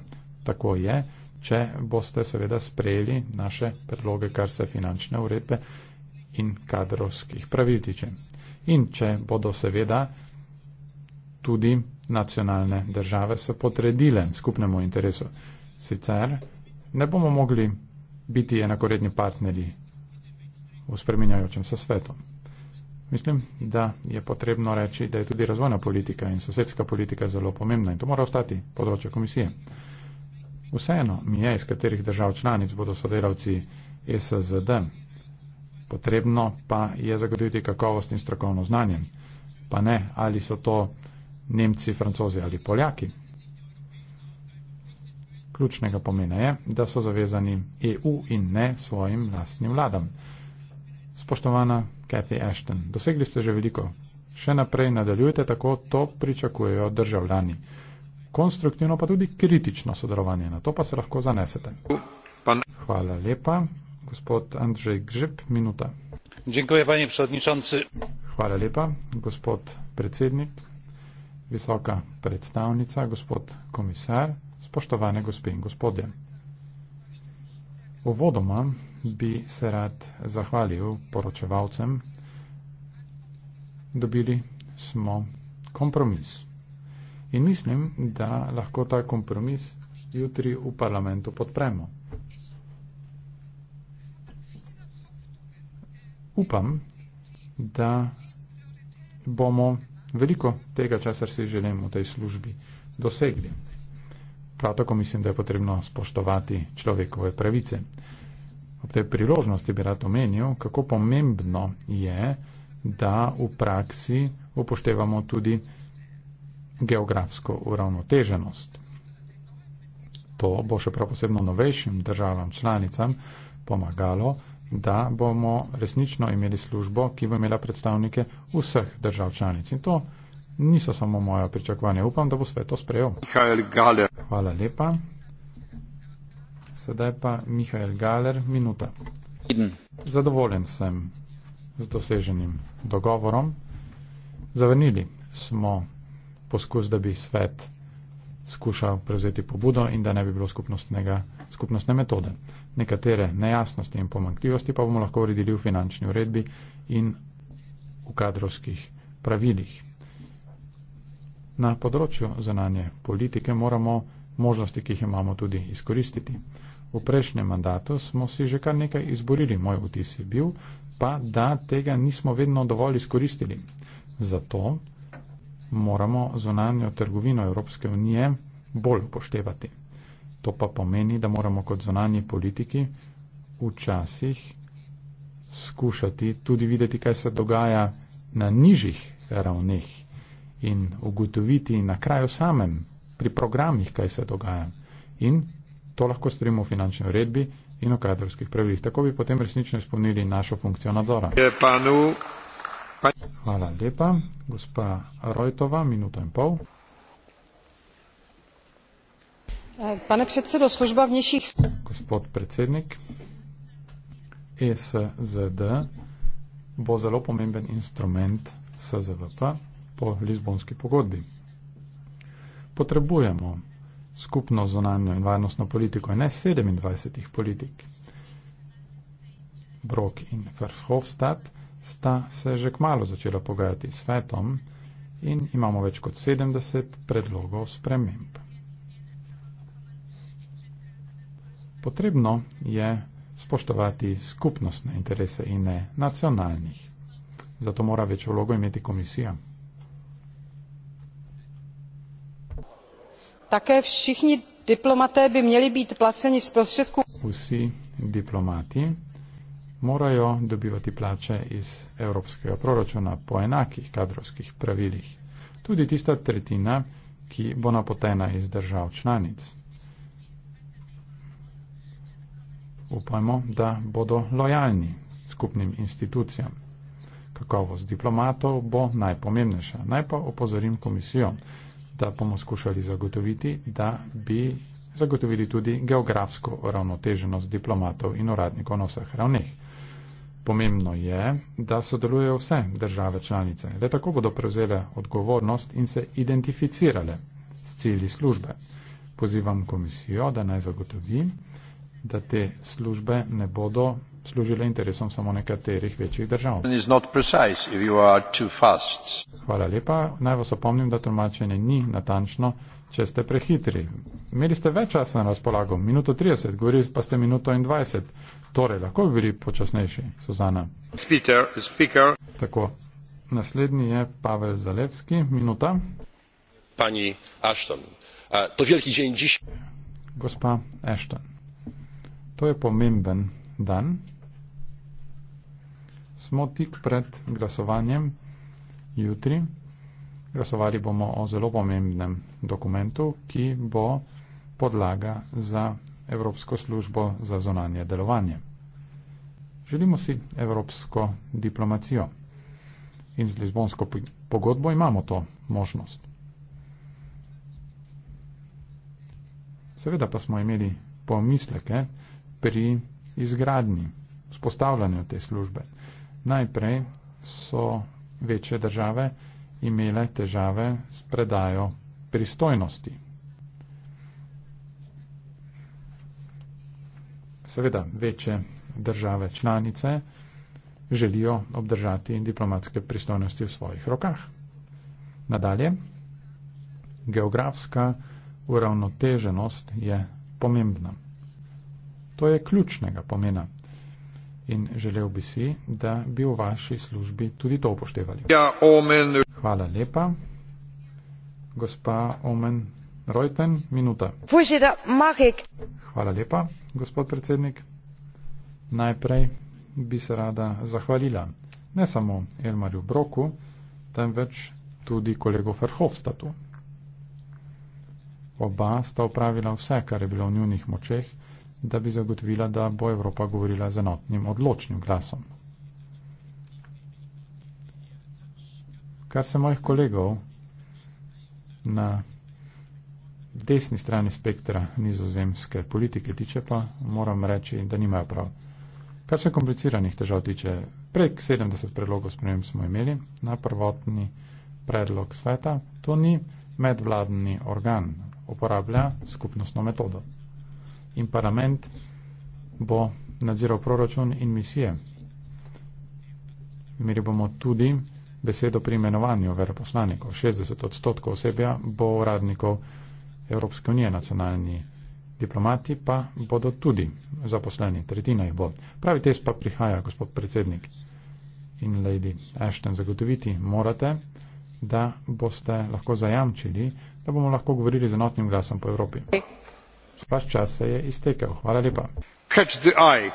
tako je, če boste seveda sprejeli naše predloge, kar se finančne uredbe in kadrovskih pravil tiče. In če bodo seveda tudi nacionalne države se potredile skupnemu interesu. Sicer ne bomo mogli biti enakoredni partnerji v spreminjajočem se svetu. Mislim, da je potrebno reči, da je tudi razvojna politika in sosedska politika zelo pomembna in to mora ostati področje komisije. Vseeno mi je, iz katerih držav članic bodo sodelavci SSD, potrebno pa je zagotoviti kakovost in strokovno znanje, pa ne ali so to Nemci, Francozi ali Poljaki, ključnega pomena je, da so zavezani EU in ne svojim lastnim vladam. Spoštovana Kathy Ashton, dosegli ste že veliko. Še naprej nadaljujte tako, to pričakujejo državljani. Konstruktivno pa tudi kritično sodelovanje, na to pa se lahko zanesete. Hvala lepa. Gospod Andrzej Gžip, minuta. Dziękuję, panie przewodniczący. Hvala lepa, gospod predsednik, visoka predstavnica, gospod komisar spoštovane gospe in gospodje. Uvodoma bi se rad zahvalil poročevalcem. Dobili smo kompromis. In mislim, da lahko ta kompromis jutri v parlamentu podpremo. Upam, da bomo veliko tega, česar si želimo v tej službi, dosegli. Prav tako mislim, da je potrebno spoštovati človekove pravice. Ob tej priložnosti bi rad omenil, kako pomembno je, da v praksi upoštevamo tudi geografsko uravnoteženost. To bo še prav posebno novejšim državam članicam pomagalo, da bomo resnično imeli službo, ki bo imela predstavnike vseh držav članic. In to niso samo moja pričakovanja. Upam, da bo svet to sprejel. Mihajl Galer. Hvala lepa. Sedaj pa Mihajl Galer, minuta. Zadovoljen sem z doseženim dogovorom. Zavrnili smo poskus, da bi svet skušal prevzeti pobudo in da ne bi bilo skupnostne metode. Nekatere nejasnosti in pomankljivosti pa bomo lahko uredili v finančni uredbi in v kadrovskih pravilih. Na področju zunanje politike moramo možnosti, ki jih imamo, tudi izkoristiti. V prejšnjem mandatu smo si že kar nekaj izborili, moj vtis je bil, pa da tega nismo vedno dovolj izkoristili. Zato moramo zunanjo trgovino Evropske unije bolj upoštevati. To pa pomeni, da moramo kot zunanji politiki včasih skušati tudi videti, kaj se dogaja na nižjih ravneh in ugotoviti na kraju samem, pri programih, kaj se dogaja. In to lahko storimo v finančni uredbi in v kadrovskih pravilih. Tako bi potem resnično izpolnili našo funkcijo nadzora. Hvala lepa, gospa Rojtova, minuto in pol. Pane predsedo, služba vnišjih. Gospod predsednik, e SZD bo zelo pomemben instrument SZVP po Lizbonski pogodbi. Potrebujemo skupno zonanjo in varnostno politiko in ne 27 politik. Brok in Verhofstadt sta se že kmalo začela pogajati s svetom in imamo več kot 70 predlogov sprememb. Potrebno je spoštovati skupnostne interese in ne nacionalnih. Zato mora več vlogo imeti komisija. také všichni diplomaté by měli být placeni z prostředků. Usi diplomati morajo dobivati plače iz evropskega proračuna po enakih kadrovskih pravilih. Tudi tista tretjina, ki bo napotena iz držav članic. Upajmo, da bodo lojalni skupnim institucijam. Kakovost diplomatov bo najpomembnejša. Naj pa opozorim komisijo, da bomo skušali zagotoviti, da bi zagotovili tudi geografsko ravnoteženost diplomatov in uradnikov na vseh ravneh. Pomembno je, da sodelujejo vse države članice. Le tako bodo prevzele odgovornost in se identificirale s cilji službe. Pozivam komisijo, da naj zagotovi, da te službe ne bodo služile interesom samo nekaterih večjih držav. Hvala lepa. Naj vas opomnim, da tolmačenje ni natančno, če ste prehitri. Imeli ste več časa na razpolago, minuto 30, govorili pa ste minuto in 20. Torej, lahko bi bili počasnejši, Suzana. Speaker, speaker. Tako. Naslednji je Pavel Zalevski, minuta. Pani Ashton, to je veliki dan danes. Gospa Ashton, to je pomemben dan smo tik pred glasovanjem jutri. Glasovali bomo o zelo pomembnem dokumentu, ki bo podlaga za Evropsko službo za zonanje delovanje. Želimo si evropsko diplomacijo in z Lizbonsko pogodbo imamo to možnost. Seveda pa smo imeli pomisleke pri izgradnji, vzpostavljanju te službe. Najprej so večje države imele težave s predajo pristojnosti. Seveda, večje države članice želijo obdržati diplomatske pristojnosti v svojih rokah. Nadalje, geografska uravnoteženost je pomembna. To je ključnega pomena in želel bi si, da bi v vaši službi tudi to upoštevali. Ja, omen. Hvala lepa. Gospa Omen Reuten, minuta. Hvala lepa, gospod predsednik. Najprej bi se rada zahvalila ne samo Elmarju Broku, temveč tudi kolegu Ferhofstatu. Oba sta opravila vse, kar je bilo v njunih močeh, da bi zagotovila, da bo Evropa govorila z enotnim odločnim glasom. Kar se mojih kolegov na desni strani spektra nizozemske politike tiče, pa moram reči, da nimajo prav. Kar se kompliciranih težav tiče, prek 70 predlogov sprememb smo imeli na prvotni predlog sveta, to ni medvladni organ, uporablja skupnostno metodo in parlament bo nadziral proračun in misije. Imeli bomo tudi besedo pri imenovanju veroposlanikov. 60 odstotkov osebja bo uradnikov Evropske unije, nacionalni diplomati pa bodo tudi zaposleni, tretjina jih bo. Pravi test pa prihaja, gospod predsednik in lady Ashton, zagotoviti morate, da boste lahko zajamčili, da bomo lahko govorili z enotnim glasom po Evropi. Okay. Vaš čas se je iztekel. Hvala lepa. Catch the eye.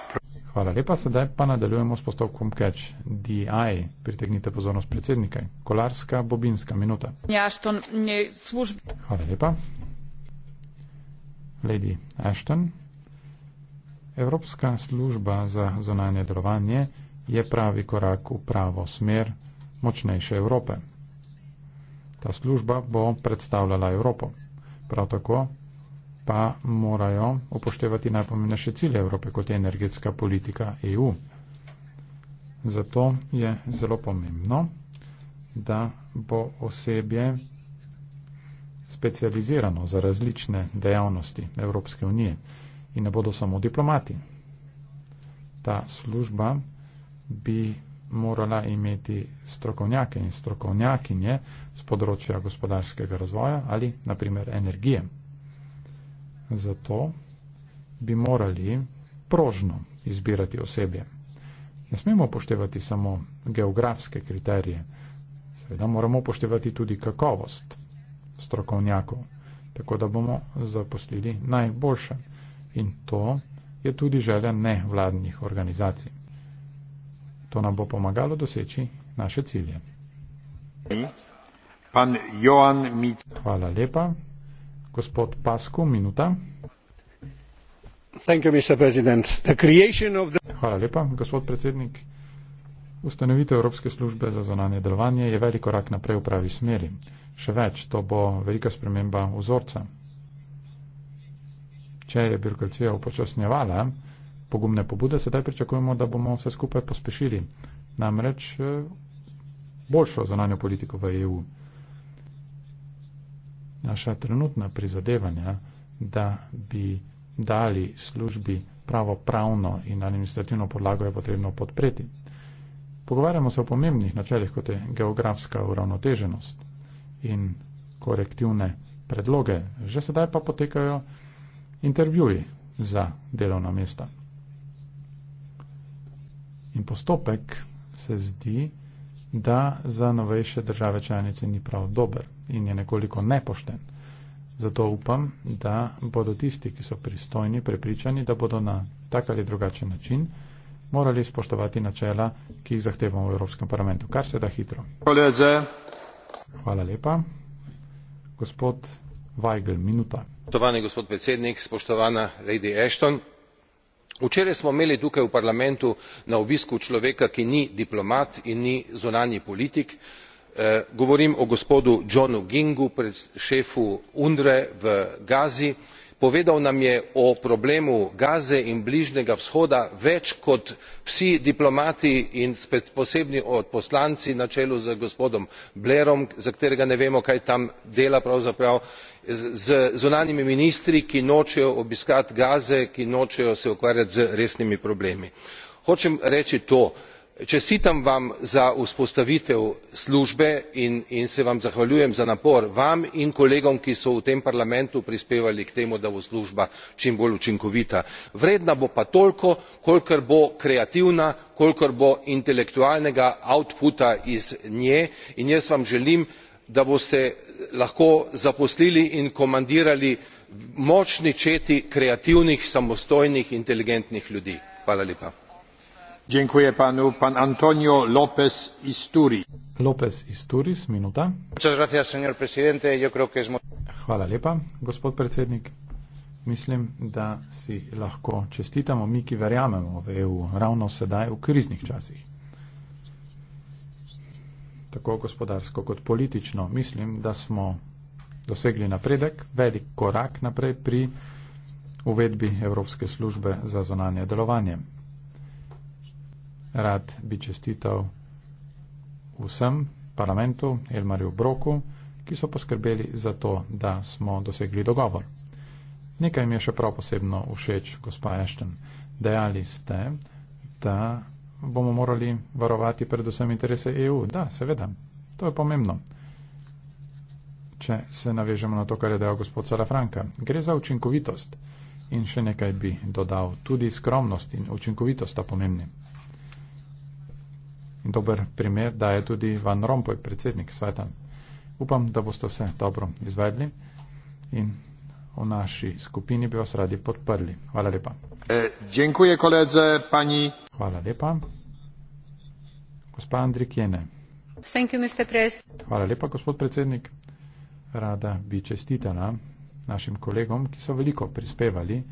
Hvala lepa, sedaj pa nadaljujemo s postopkom Catch the Eye. Pritegnite pozornost predsednika. Kolarska, Bobinska, minuta. Ashton, ja, ne, služb... Hvala lepa. Lady Ashton. Evropska služba za zonanje delovanje je pravi korak v pravo smer močnejše Evrope. Ta služba bo predstavljala Evropo. Prav tako pa morajo upoštevati najpomembnejše cilje Evrope, kot je energetska politika EU. Zato je zelo pomembno, da bo osebje specializirano za različne dejavnosti Evropske unije in ne bodo samo diplomati. Ta služba bi morala imeti strokovnjake in strokovnjakinje z področja gospodarskega razvoja ali naprimer energije. Zato bi morali prožno izbirati osebje. Ne smemo upoštevati samo geografske kriterije, seveda moramo upoštevati tudi kakovost strokovnjakov, tako da bomo zaposlili najboljše. In to je tudi želja nevladnih organizacij. To nam bo pomagalo doseči naše cilje. Hvala lepa gospod Pasko, minuta. Thank you, Mr. President. The creation of the... Hvala lepa, gospod predsednik. Ustanovitev Evropske službe za zonanje delovanje je velik korak naprej v pravi smeri. Še več, to bo velika sprememba vzorca. Če je birokracija upočasnjevala pogumne pobude, sedaj pričakujemo, da bomo vse skupaj pospešili. Namreč eh, boljšo zonanjo politiko v EU naša trenutna prizadevanja, da bi dali službi pravo pravno in administrativno podlago, je potrebno podpreti. Pogovarjamo se o pomembnih načelih, kot je geografska uravnoteženost in korektivne predloge. Že sedaj pa potekajo intervjuji za delovna mesta. In postopek se zdi, da za novejše države članice ni prav dober in je nekoliko nepošten. Zato upam, da bodo tisti, ki so pristojni, prepričani, da bodo na tak ali drugačen način morali spoštovati načela, ki jih zahtevamo v Evropskem parlamentu, kar se da hitro. Hvala lepa. Gospod Weigl, minuta. Spoštovani gospod predsednik, spoštovana Lady Ashton včeraj smo imeli tukaj v parlamentu na obisku človeka ki ni diplomat in ni zunanji politik eh, govorim o gospodu johnu gingu šefu unwre v gazi povedal nam je o problemu gaze in bližnjega vzhoda več kot vsi diplomati in posebni odposlanci na čelu z gospodom blairom za katerega ne vemo kaj tam dela pravzaprav z zunanjimi ministri ki nočejo obiskati gaze ki nočejo se ukvarjati z resnimi problemi. hočem reči to čestitam vam za vzpostavitev službe in se vam zahvaljujem za napor vam in kolegom ki so v tem parlamentu prispevali k temu da bo služba čim bolj učinkovita. vredna bo pa toliko kolikor bo kreativna kolikor bo intelektualnega outputa iz nje in jaz vam želim da boste lahko zaposlili in komandirali močni četi kreativnih samostojnih inteligentnih ljudi. mislim da si lahko čestitamo mi ki verjamemo v eu ravno sedaj v kriznih časih tako gospodarsko kot politično, mislim, da smo dosegli napredek, velik korak naprej pri uvedbi Evropske službe za zonanje delovanje. Rad bi čestital vsem parlamentu, Elmarju Broku, ki so poskrbeli za to, da smo dosegli dogovor. Nekaj mi je še prav posebno všeč, gospa Ashton. Dejali ste, da bomo morali varovati predvsem interese EU. Da, seveda, to je pomembno. Če se navežemo na to, kar je dejal gospod Sarafranka, gre za učinkovitost in še nekaj bi dodal, tudi skromnost in učinkovitost sta pomembni. Dober primer da je tudi Van Rompuy, predsednik sveta. Upam, da boste vse dobro izvedli in v naši skupini bi vas radi podprli. Hvala lepa. E, dziękuję koledze, pani. Hvala lepa. Gospa Andrikjene. Thank you, Mr. President. Hvala lepa, gospod predsednik. Rada bi čestitala našim kolegom, ki so veliko prispevali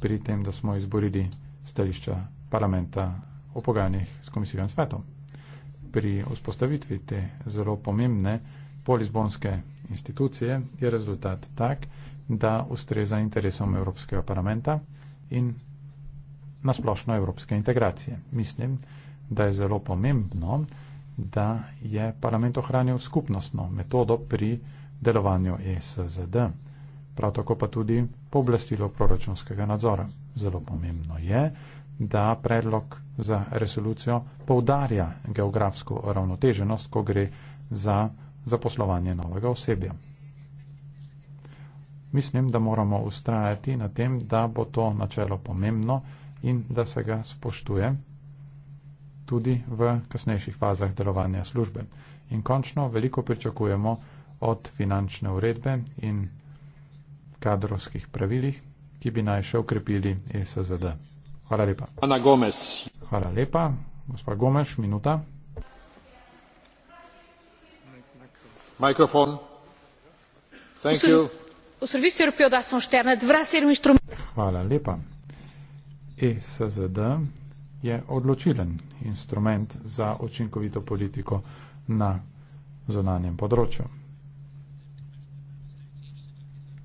pri tem, da smo izborili stališča parlamenta o pogajanjih s komisijo in svetom. Pri vzpostavitvi te zelo pomembne polizbonske institucije je rezultat tak, da ustreza interesom Evropskega parlamenta in nasplošno evropske integracije. Mislim, da je zelo pomembno, da je parlament ohranil skupnostno metodo pri delovanju ESZD, prav tako pa tudi pooblastilo proračunskega nadzora. Zelo pomembno je, da predlog za resolucijo poudarja geografsko ravnoteženost, ko gre za zaposlovanje novega osebja mislim, da moramo ustrajati na tem, da bo to načelo pomembno in da se ga spoštuje tudi v kasnejših fazah delovanja službe. In končno veliko pričakujemo od finančne uredbe in kadrovskih pravilih, ki bi naj še ukrepili e SZD. Hvala lepa. Ana Gomez. Hvala lepa. Gospa Gomez, minuta. Mikrofon. Thank you o Serviço Europeu de Ação Externa deverá ser um instrumento. Hvala lepa. ESZD je odločilen instrument za učinkovito politiko na zonanjem področju.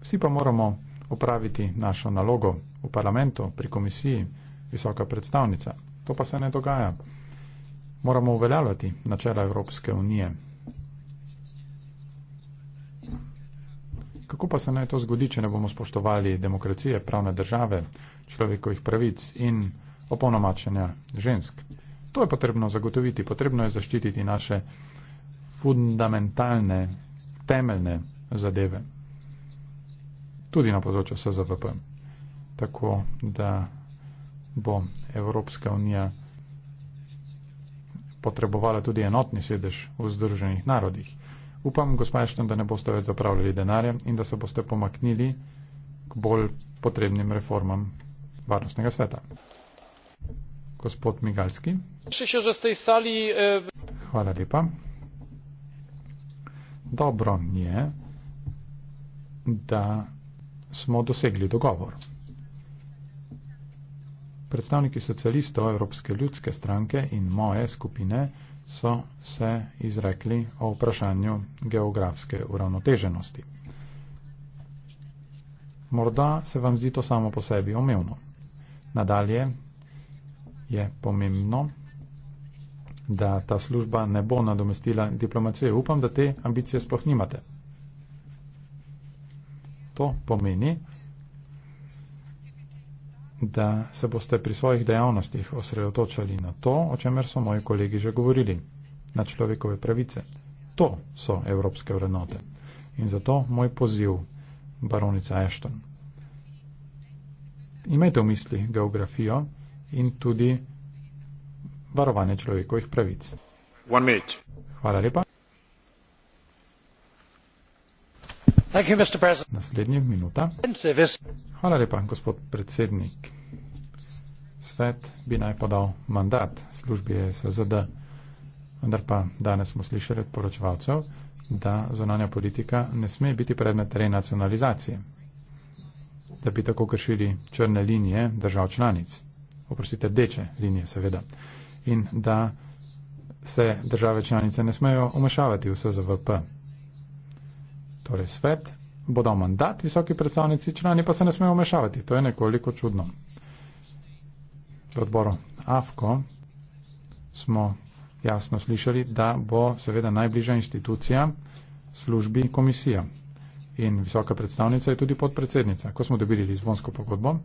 Vsi pa moramo upraviti našo nalogo v parlamentu, pri komisiji, visoka predstavnica. To pa se ne dogaja. Moramo uveljavljati načela Evropske unije, Kako pa se naj to zgodi, če ne bomo spoštovali demokracije, pravne države, človekovih pravic in opolnomačenja žensk? To je potrebno zagotoviti, potrebno je zaščititi naše fundamentalne, temeljne zadeve. Tudi na področju SZVP. Tako da bo Evropska unija potrebovala tudi enotni sedež v Združenih narodih. Upam, gospodinštvo, da ne boste več zapravljali denarja in da se boste pomaknili k bolj potrebnim reformam varnostnega sveta. Gospod Migalski. E, Hvala lepa. Dobro je, da smo dosegli dogovor. Predstavniki socialistov Evropske ljudske stranke in moje skupine so se izrekli o vprašanju geografske uravnoteženosti. Morda se vam zdi to samo po sebi omevno. Nadalje je pomembno, da ta služba ne bo nadomestila diplomacije. Upam, da te ambicije sploh nimate. To pomeni, da se boste pri svojih dejavnostih osredotočali na to, o čemer so moji kolegi že govorili, na človekove pravice. To so evropske vrednote. In zato moj poziv, baronica Ashton. Imejte v misli geografijo in tudi varovanje človekovih pravic. Hvala lepa. Naslednja minuta. Hvala lepa, gospod predsednik. Svet bi naj podal mandat službi SZD, vendar pa danes smo slišali od poročevalcev, da zonanja politika ne sme biti predmet renacionalizacije, da bi tako kršili črne linije držav članic, oprostite, deče linije seveda, in da se države članice ne smejo omešavati v SZVP torej svet, bo dal mandat visoki predstavnici, člani pa se ne smejo vmešavati. To je nekoliko čudno. V odboru AFKO smo jasno slišali, da bo seveda najbližja institucija službi komisija. In visoka predstavnica je tudi podpredsednica. Ko smo dobili Lizbonsko pogodbo,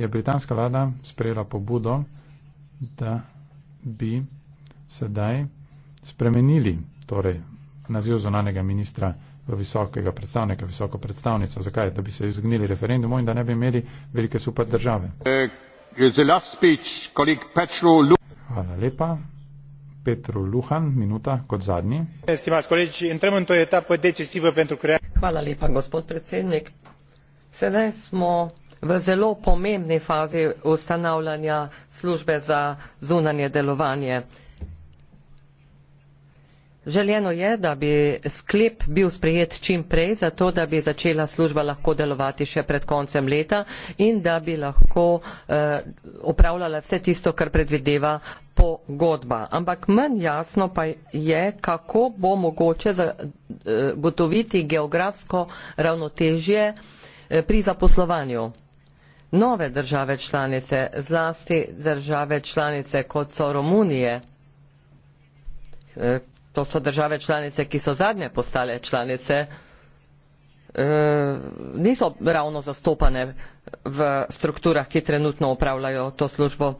je britanska vlada sprejela pobudo, da bi sedaj spremenili torej, naziv zonanega ministra visokega predstavnika, visoko predstavnico. Zakaj? Da bi se izognili referendumu in da ne bi imeli velike super države. Hvala lepa. Petru Luhan, minuta kot zadnji. Hvala lepa, gospod predsednik. Sedaj smo v zelo pomembni fazi ustanavljanja službe za zunanje delovanje. Želeno je, da bi sklep bil sprejet čim prej, zato da bi začela služba lahko delovati še pred koncem leta in da bi lahko eh, opravljala vse tisto, kar predvideva pogodba. Ampak manj jasno pa je, kako bo mogoče eh, gotoviti geografsko ravnotežje eh, pri zaposlovanju. Nove države članice, zlasti države članice kot so Romunije, to so države članice, ki so zadnje postale članice, eh, niso ravno zastopane v strukturah, ki trenutno upravljajo to službo.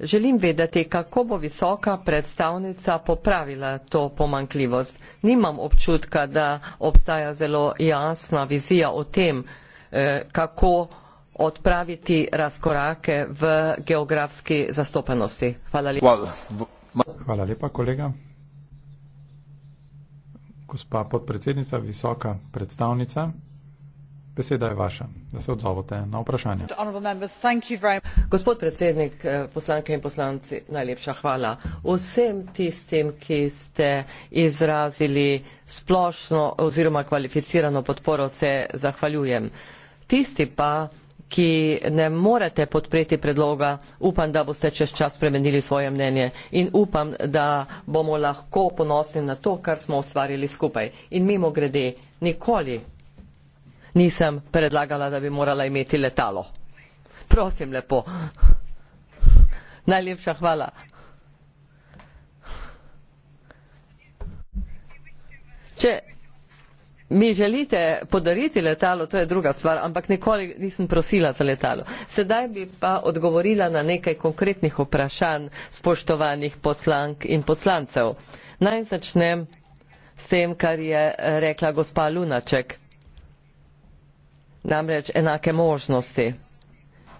Želim vedeti, kako bo visoka predstavnica popravila to pomankljivost. Nimam občutka, da obstaja zelo jasna vizija o tem, eh, kako odpraviti razkorake v geografski zastopanosti. Hvala lepa. Hvala lepa, kolega gospa podpredsednica, visoka predstavnica. Beseda je vaša, da se odzovete na vprašanje. Gospod predsednik, eh, poslanke in poslanci, najlepša hvala vsem tistim, ki ste izrazili splošno oziroma kvalificirano podporo, se zahvaljujem. Tisti pa, ki ne morete podpreti predloga, upam, da boste čez čas spremenili svoje mnenje in upam, da bomo lahko ponosni na to, kar smo ustvarili skupaj. In mimo grede, nikoli nisem predlagala, da bi morala imeti letalo. Prosim lepo. Najlepša hvala. Če mi želite podariti letalo, to je druga stvar, ampak nikoli nisem prosila za letalo. Sedaj bi pa odgovorila na nekaj konkretnih vprašanj spoštovanih poslank in poslancev. Naj začnem s tem, kar je eh, rekla gospa Lunaček. Namreč enake možnosti.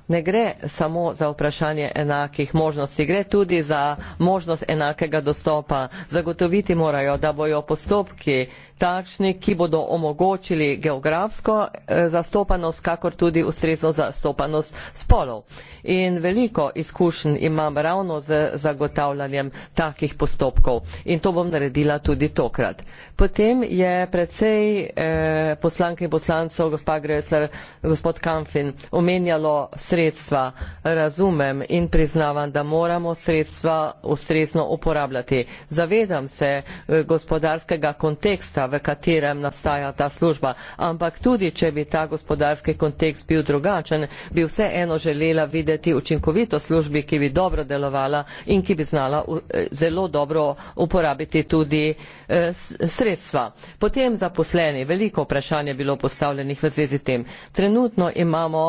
Ne gre samo za vprašanje enakih možnosti, gre tudi za možnost enakega dostopa. Zagotoviti morajo, da bojo postopki takšni, ki bodo omogočili geografsko eh, zastopanost, kakor tudi ustrezno zastopanost spolov. In veliko izkušenj imam ravno z zagotavljanjem takih postopkov in to bom naredila tudi tokrat. Potem je predvsej eh, poslanke in poslancev, gospa Gresler, gospod Kamfin, omenjalo sredstva. Razumem in priznavam, da moramo sredstva ustrezno uporabljati. Zavedam se eh, gospodarskega konteksta, v katerem nastaja ta služba. Ampak tudi, če bi ta gospodarski kontekst bil drugačen, bi vseeno želela videti učinkovito službi, ki bi dobro delovala in ki bi znala eh, zelo dobro uporabiti tudi eh, sredstva. Potem zaposleni, veliko vprašanje je bilo postavljenih v zvezi s tem. Trenutno imamo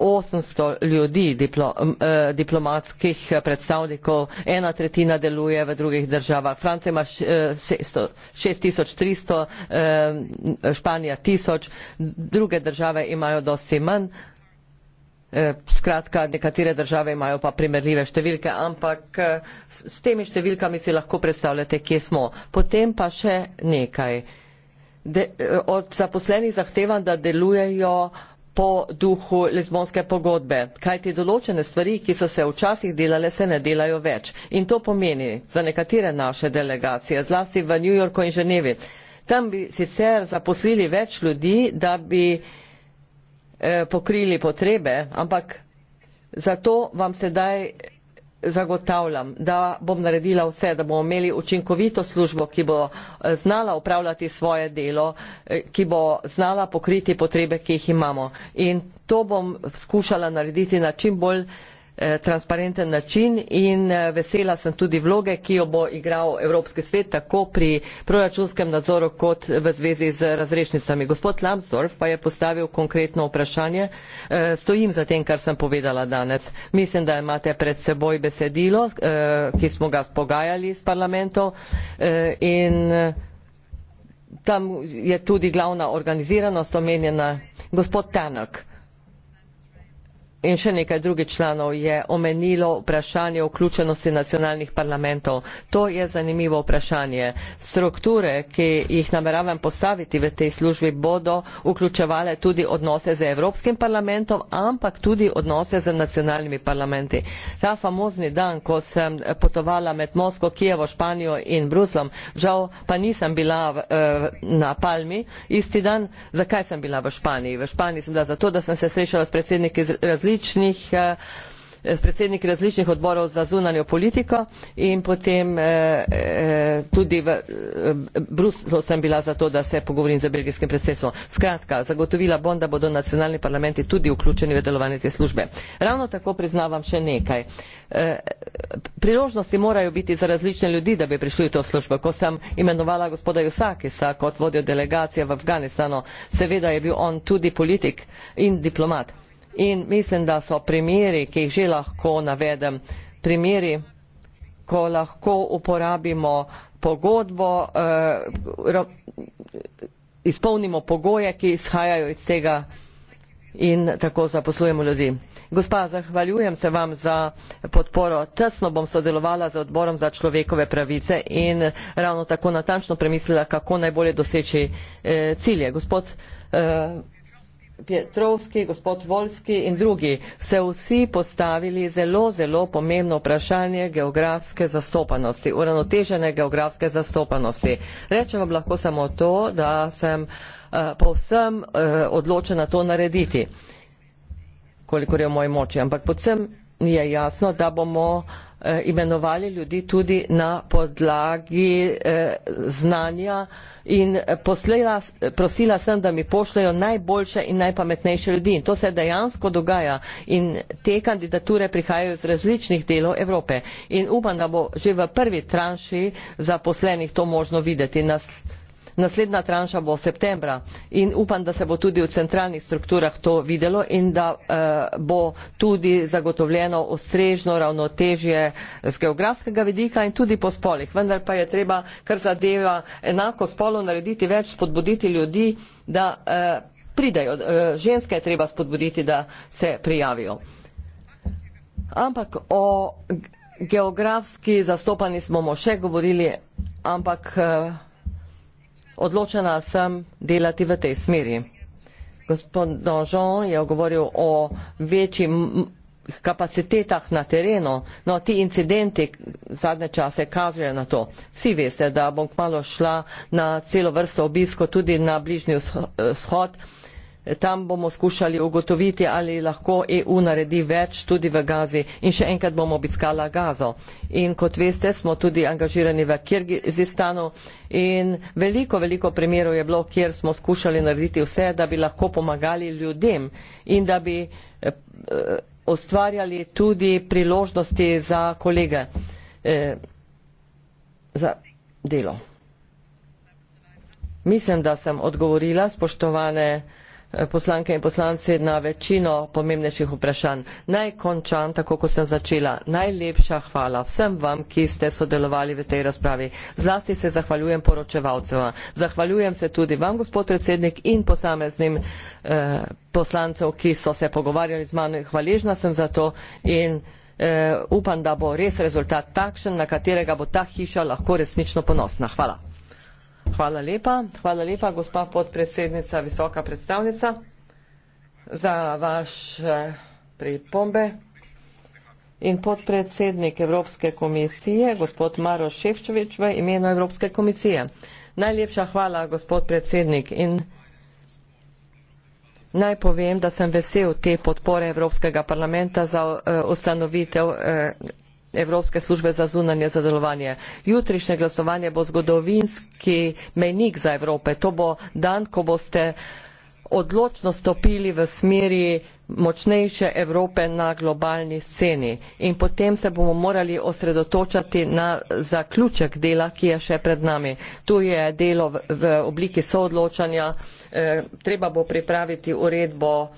800 ljudi, diplo, eh, diplomatskih predstavnikov, ena tretjina deluje v drugih državah. Francija ima 6300, eh, eh, Španija 1000, druge države imajo dosti manj. Eh, skratka, nekatere države imajo pa primerljive številke, ampak eh, s temi številkami si lahko predstavljate, kje smo. Potem pa še nekaj. De, od zaposlenih zahtevam, da delujejo uh, po duhu lizbonske pogodbe. Kajti določene stvari, ki so se včasih delale, se ne delajo več. In to pomeni za nekatere naše delegacije, zlasti v New Yorku in Ženevi. Tam bi sicer zaposlili več ljudi, da bi eh, pokrili potrebe, ampak zato vam sedaj zagotavljam, da bom naredila vse, da bomo imeli učinkovito službo, ki bo eh, znala upravljati svoje delo, eh, ki bo znala pokriti potrebe, ki jih imamo. In to bom skušala narediti na čim bolj Eh, transparenten način in eh, vesela sem tudi vloge, ki jo bo igral Evropski svet tako pri proračunskem nadzoru kot v zvezi z razrešnicami. Gospod Lambsdorff pa je postavil konkretno vprašanje. Eh, stojim za tem, kar sem povedala danes. Mislim, da imate pred seboj besedilo, ki smo ga spogajali s parlamentom in tam je tudi glavna organiziranost omenjena. Gospod Tanak in še nekaj drugih članov je omenilo vprašanje vključenosti nacionalnih parlamentov. To je zanimivo vprašanje. Strukture, ki jih nameravam postaviti v tej službi, bodo vključevale tudi odnose z Evropskim parlamentom, ampak tudi odnose z nacionalnimi parlamenti. Ta famozni dan, ko sem potovala med Moskvo, Kijevo, Španijo in Bruslom, žal pa nisem bila eh, na Palmi, isti dan, zakaj sem bila v Španiji? V Španiji sem bila zato, da sem se srečala s predsedniki različnih različnih eh, predsedniki različnih odborov za zunanjo politiko in potem eh, eh tudi v eh, Bruslu sem bila za to, da se pogovorim z belgijskim predsedstvom. Skratka, zagotovila bom, da bodo nacionalni parlamenti tudi vključeni v delovanje te službe. Ravno tako priznavam še nekaj. Eh, priložnosti morajo biti za različne ljudi, da bi prišli v to službo. Ko sem imenovala gospoda Jusakisa kot vodjo delegacije v Afganistanu, seveda je bil on tudi politik in diplomat. In mislim, da so primeri, ki jih že lahko navedem, primeri, ko lahko uporabimo pogodbo, eh, ro, izpolnimo pogoje, ki izhajajo iz tega in tako zaposlujemo ljudi. Gospa, zahvaljujem se vam za podporo. Tesno bom sodelovala z odborom za človekove pravice in ravno tako natančno premislila, kako najbolje doseči eh, cilje. Gospod, eh, Petrovski, gospod Volski in drugi ste vsi postavili zelo, zelo pomembno vprašanje geografske zastopanosti, uravnotežene geografske zastopanosti. Rečem vam lahko samo to, da sem uh, povsem uh, odločena to narediti, kolikor je v moji moči, ampak podsem je jasno, da bomo uh, Eh, imenovali ljudi tudi na podlagi eh, znanja in poslela, prosila sem, da mi pošljajo najboljše in najpametnejše ljudi. In to se dejansko dogaja in te kandidature prihajajo iz različnih delov Evrope. In upam, da bo že v prvi tranši zaposlenih to možno videti. Nas, naslednja tranša bo septembra in upam da se bo tudi v centralnih strukturah to videlo in da eh, bo tudi zagotovljeno ustrežno ravnotežje z geografskega vidika in tudi po spolih vendar pa je treba kar zadeva enako spolu narediti več spodbuditi ljudi da eh, pridejo eh, ženske je treba spodbuditi da se prijavijo ampak o geografski zastopani smo še govorili ampak eh, odločena sem delati v tej smeri. Gospod Donžon je govoril o večjih kapacitetah na terenu. No, ti incidenti zadnje čase kazujejo na to. Vsi veste, da bom kmalo šla na celo vrsto obisko tudi na bližnji eh, vzhod. Sh tam bomo skušali ugotoviti, ali lahko EU naredi več tudi v Gazi in še enkrat bomo obiskala Gazo. In kot veste, smo tudi angažirani v Kirgizistanu in veliko, veliko primerov je bilo, kjer smo skušali narediti vse, da bi lahko pomagali ljudem in da bi eh, ustvarjali tudi priložnosti za kolege eh, za delo. Mislim, da sem odgovorila, spoštovane. Eh, poslanke in poslanci na večino pomembnejših vprašanj. Naj končam tako, kot sem začela. Najlepša hvala vsem vam, ki ste sodelovali v tej razpravi. Zlasti se zahvaljujem poročevalcema. Zahvaljujem se tudi vam, gospod predsednik, in posameznim eh, poslancev, ki so se pogovarjali z mano. Hvaležna sem za to in eh, upam, da bo res rezultat takšen, na katerega bo ta hiša lahko resnično ponosna. Hvala. Hvala lepa. Hvala lepa, gospa podpredsednica, visoka predstavnica, za vaše pripombe. In podpredsednik Evropske komisije, gospod Maro Ševčevič, v imenu Evropske komisije. Najlepša hvala, gospod predsednik. In naj povem, da sem vesel te podpore Evropskega parlamenta za eh, ustanovitev eh, Evropske službe za zunanje zadelovanje. Jutrišnje glasovanje bo zgodovinski menik za Evrope. To bo dan, ko boste odločno stopili v smeri močnejše Evrope na globalni sceni. In potem se bomo morali osredotočati na zaključek dela, ki je še pred nami. Tu je delo v, v obliki soodločanja, e, treba bo pripraviti uredbo e,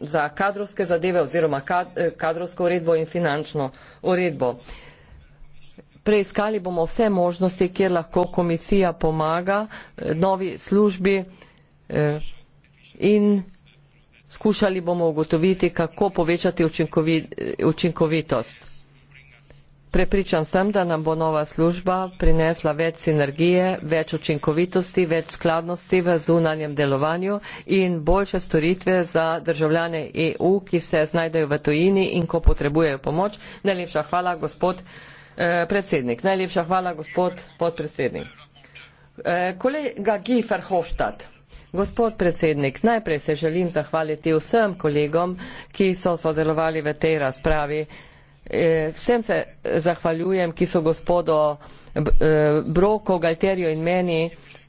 za kadrovske zadeve oziroma kad, eh, kadrovsko uredbo in finančno uredbo. Preiskali bomo vse možnosti, kjer lahko komisija pomaga novi službi in Skušali bomo ugotoviti, kako povečati učinkovitost. Prepričan sem, da nam bo nova služba prinesla več sinergije, več učinkovitosti, več skladnosti v zunanjem delovanju in boljše storitve za državljane EU, ki se znajdejo v tujini in ko potrebujejo pomoč. Najlepša hvala, gospod eh, predsednik. Najlepša hvala, gospod podpredsednik. Eh, kolega Giferhofstadt. Gospod predsednik, najprej se želim zahvaliti vsem kolegom, ki so sodelovali v tej razpravi. E, vsem se zahvaljujem, ki so gospodo e, Broko, Galterijo in meni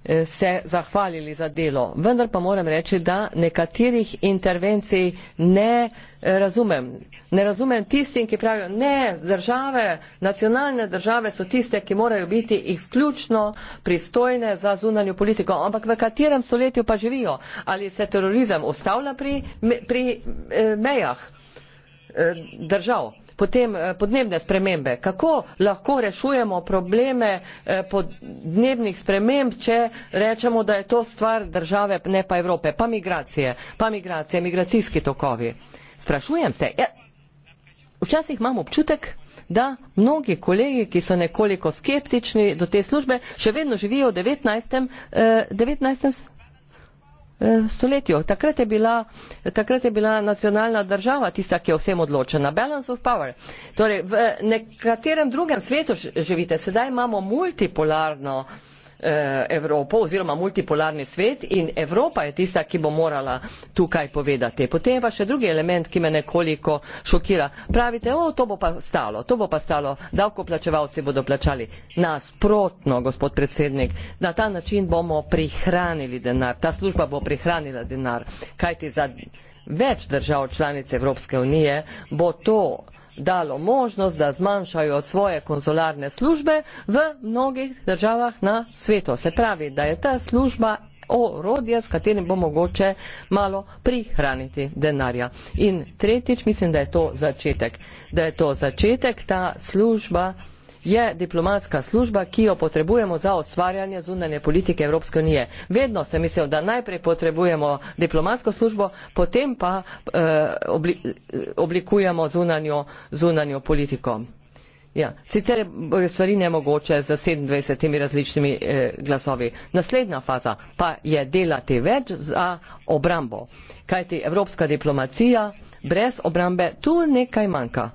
Eh, se zahvalili za delo. Vendar pa moram reči, da nekaterih intervencij ne eh, razumem. Ne razumem tistim, ki pravijo, ne, države, nacionalne države so tiste, ki morajo biti izključno pristojne za zunanjo politiko. Ampak v katerem stoletju pa živijo? Ali se terorizem ustavlja pri, pri eh, mejah držav? Potem eh, podnebne spremembe. Kako lahko rešujemo probleme eh, podnebnih sprememb, če rečemo, da je to stvar države, ne pa Evrope, pa migracije, pa migracije, migracijski tokovi. Sprašujem se, ja, včasih imam občutek, da mnogi kolegi, ki so nekoliko skeptični do te službe, še vedno živijo v 19. 19 eh, Eh, stoletju. Takrat je, bila, takrat je bila nacionalna država tista, ki je vsem odločena. Balance of power. Torej, v nekaterem drugem svetu živite, sedaj imamo multipolarno uh, Eh, Evropo oziroma multipolarni svet in Evropa je tista, ki bo morala tukaj povedati. Potem pa še drugi element, ki me nekoliko šokira. Pravite, o, to bo pa stalo, to bo pa stalo, davkoplačevalci bodo plačali nasprotno, gospod predsednik. Na ta način bomo prihranili denar, ta služba bo prihranila denar. Kajti za več držav članic Evropske unije bo to dalo možnost, da zmanjšajo svoje konzularne službe v mnogih državah na svetu. Se pravi, da je ta služba orodje, s katerim bo mogoče malo prihraniti denarja. In tretjič, mislim, da je to začetek. Da je to začetek, ta služba je diplomatska služba, ki jo potrebujemo za ustvarjanje zunanje politike Evropske unije. Vedno sem mislil, da najprej potrebujemo diplomatsko službo, potem pa eh, obli, oblikujemo zunanjo, zunanjo politiko. Ja. Sicer je stvari nemogoče z 27 različnimi eh, glasovi. Naslednja faza pa je delati več za obrambo. Kajti evropska diplomacija brez obrambe tu nekaj manjka.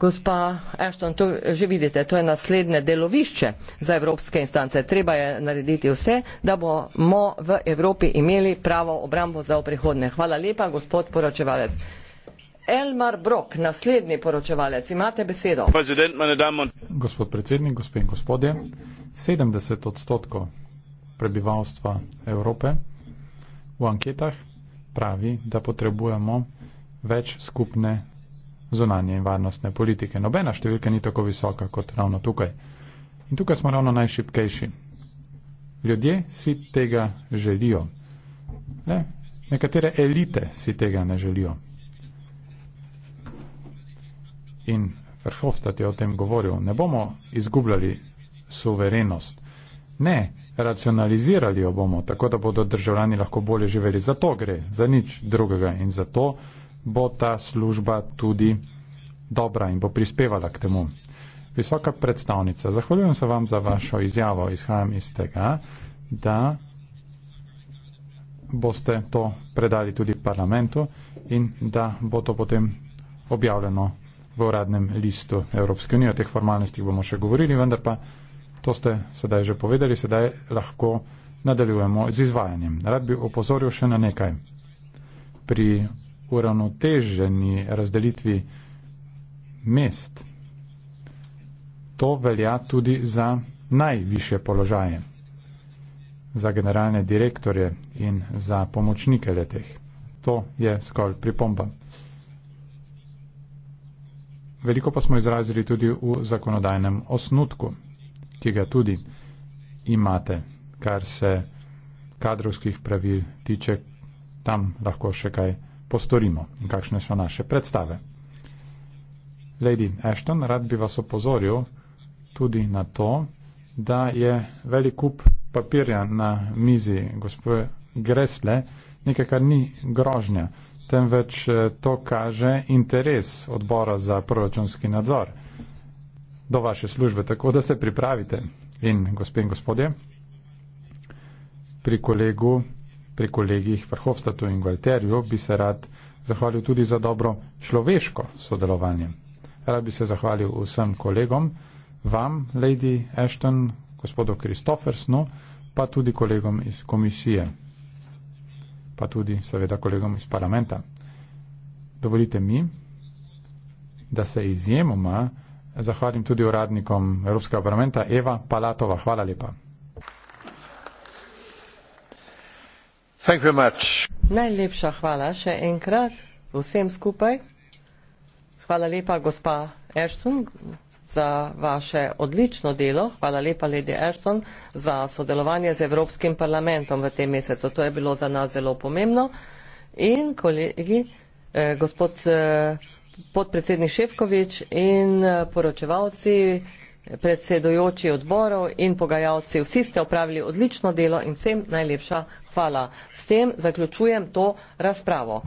Gospa Ashton, to že vidite, to je naslednje delovišče za evropske instance. Treba je narediti vse, da bomo v Evropi imeli pravo obrambo za prihodnje. Hvala lepa, gospod poročevalec. Elmar Brok, naslednji poročevalec, imate besedo. Gospod predsednik, gospe in gospodje, 70 odstotkov prebivalstva Evrope v anketah pravi, da potrebujemo več skupne zunanje in varnostne politike. Nobena številka ni tako visoka kot ravno tukaj. In tukaj smo ravno najšipkejši. Ljudje si tega želijo. Ne? Nekatere elite si tega ne želijo. In Verhofstadt je o tem govoril. Ne bomo izgubljali suverenost. Ne, racionalizirali jo bomo, tako da bodo državljani lahko bolje živeli. Za to gre, za nič drugega in za to bo ta služba tudi dobra in bo prispevala k temu. Visoka predstavnica, zahvaljujem se vam za vašo izjavo. Izhajam iz tega, da boste to predali tudi parlamentu in da bo to potem objavljeno v uradnem listu Evropske unije. O teh formalnostih bomo še govorili, vendar pa to ste sedaj že povedali, sedaj lahko nadaljujemo z izvajanjem. Rad bi opozoril še na nekaj. Pri uravnoteženi razdelitvi mest. To velja tudi za najviše položaje, za generalne direktorje in za pomočnike leteh. To je skolj pripomba. Veliko pa smo izrazili tudi v zakonodajnem osnutku, ki ga tudi imate, kar se kadrovskih pravil tiče, tam lahko še kaj postorimo in kakšne so naše predstave. Lady Ashton, rad bi vas opozoril tudi na to, da je velik kup papirja na mizi gospoje Gresle nekaj, kar ni grožnja, temveč eh, to kaže interes odbora za proračunski nadzor do vaše službe, tako da se pripravite. In gospe in gospodje, pri kolegu pri kolegih Vrhovstatu in Gualterju bi se rad zahvalil tudi za dobro človeško sodelovanje. Rad bi se zahvalil vsem kolegom, vam, Lady Ashton, gospodu Kristofersnu, pa tudi kolegom iz komisije, pa tudi seveda kolegom iz parlamenta. Dovolite mi, da se izjemoma zahvalim tudi uradnikom Evropskega parlamenta Eva Palatova. Hvala lepa. Najlepša hvala še enkrat vsem skupaj. Hvala lepa, gospa Ashton, za vaše odlično delo. Hvala lepa, Lady Ashton, za sodelovanje z Evropskim parlamentom v tem mesecu. To je bilo za nas zelo pomembno. In kolegi, eh, gospod eh, podpredsednik Ševkovič in eh, poročevalci, predsedujoči odborov in pogajalci. Vsi ste opravili odlično delo in vsem najlepša hvala. S tem zaključujem to razpravo.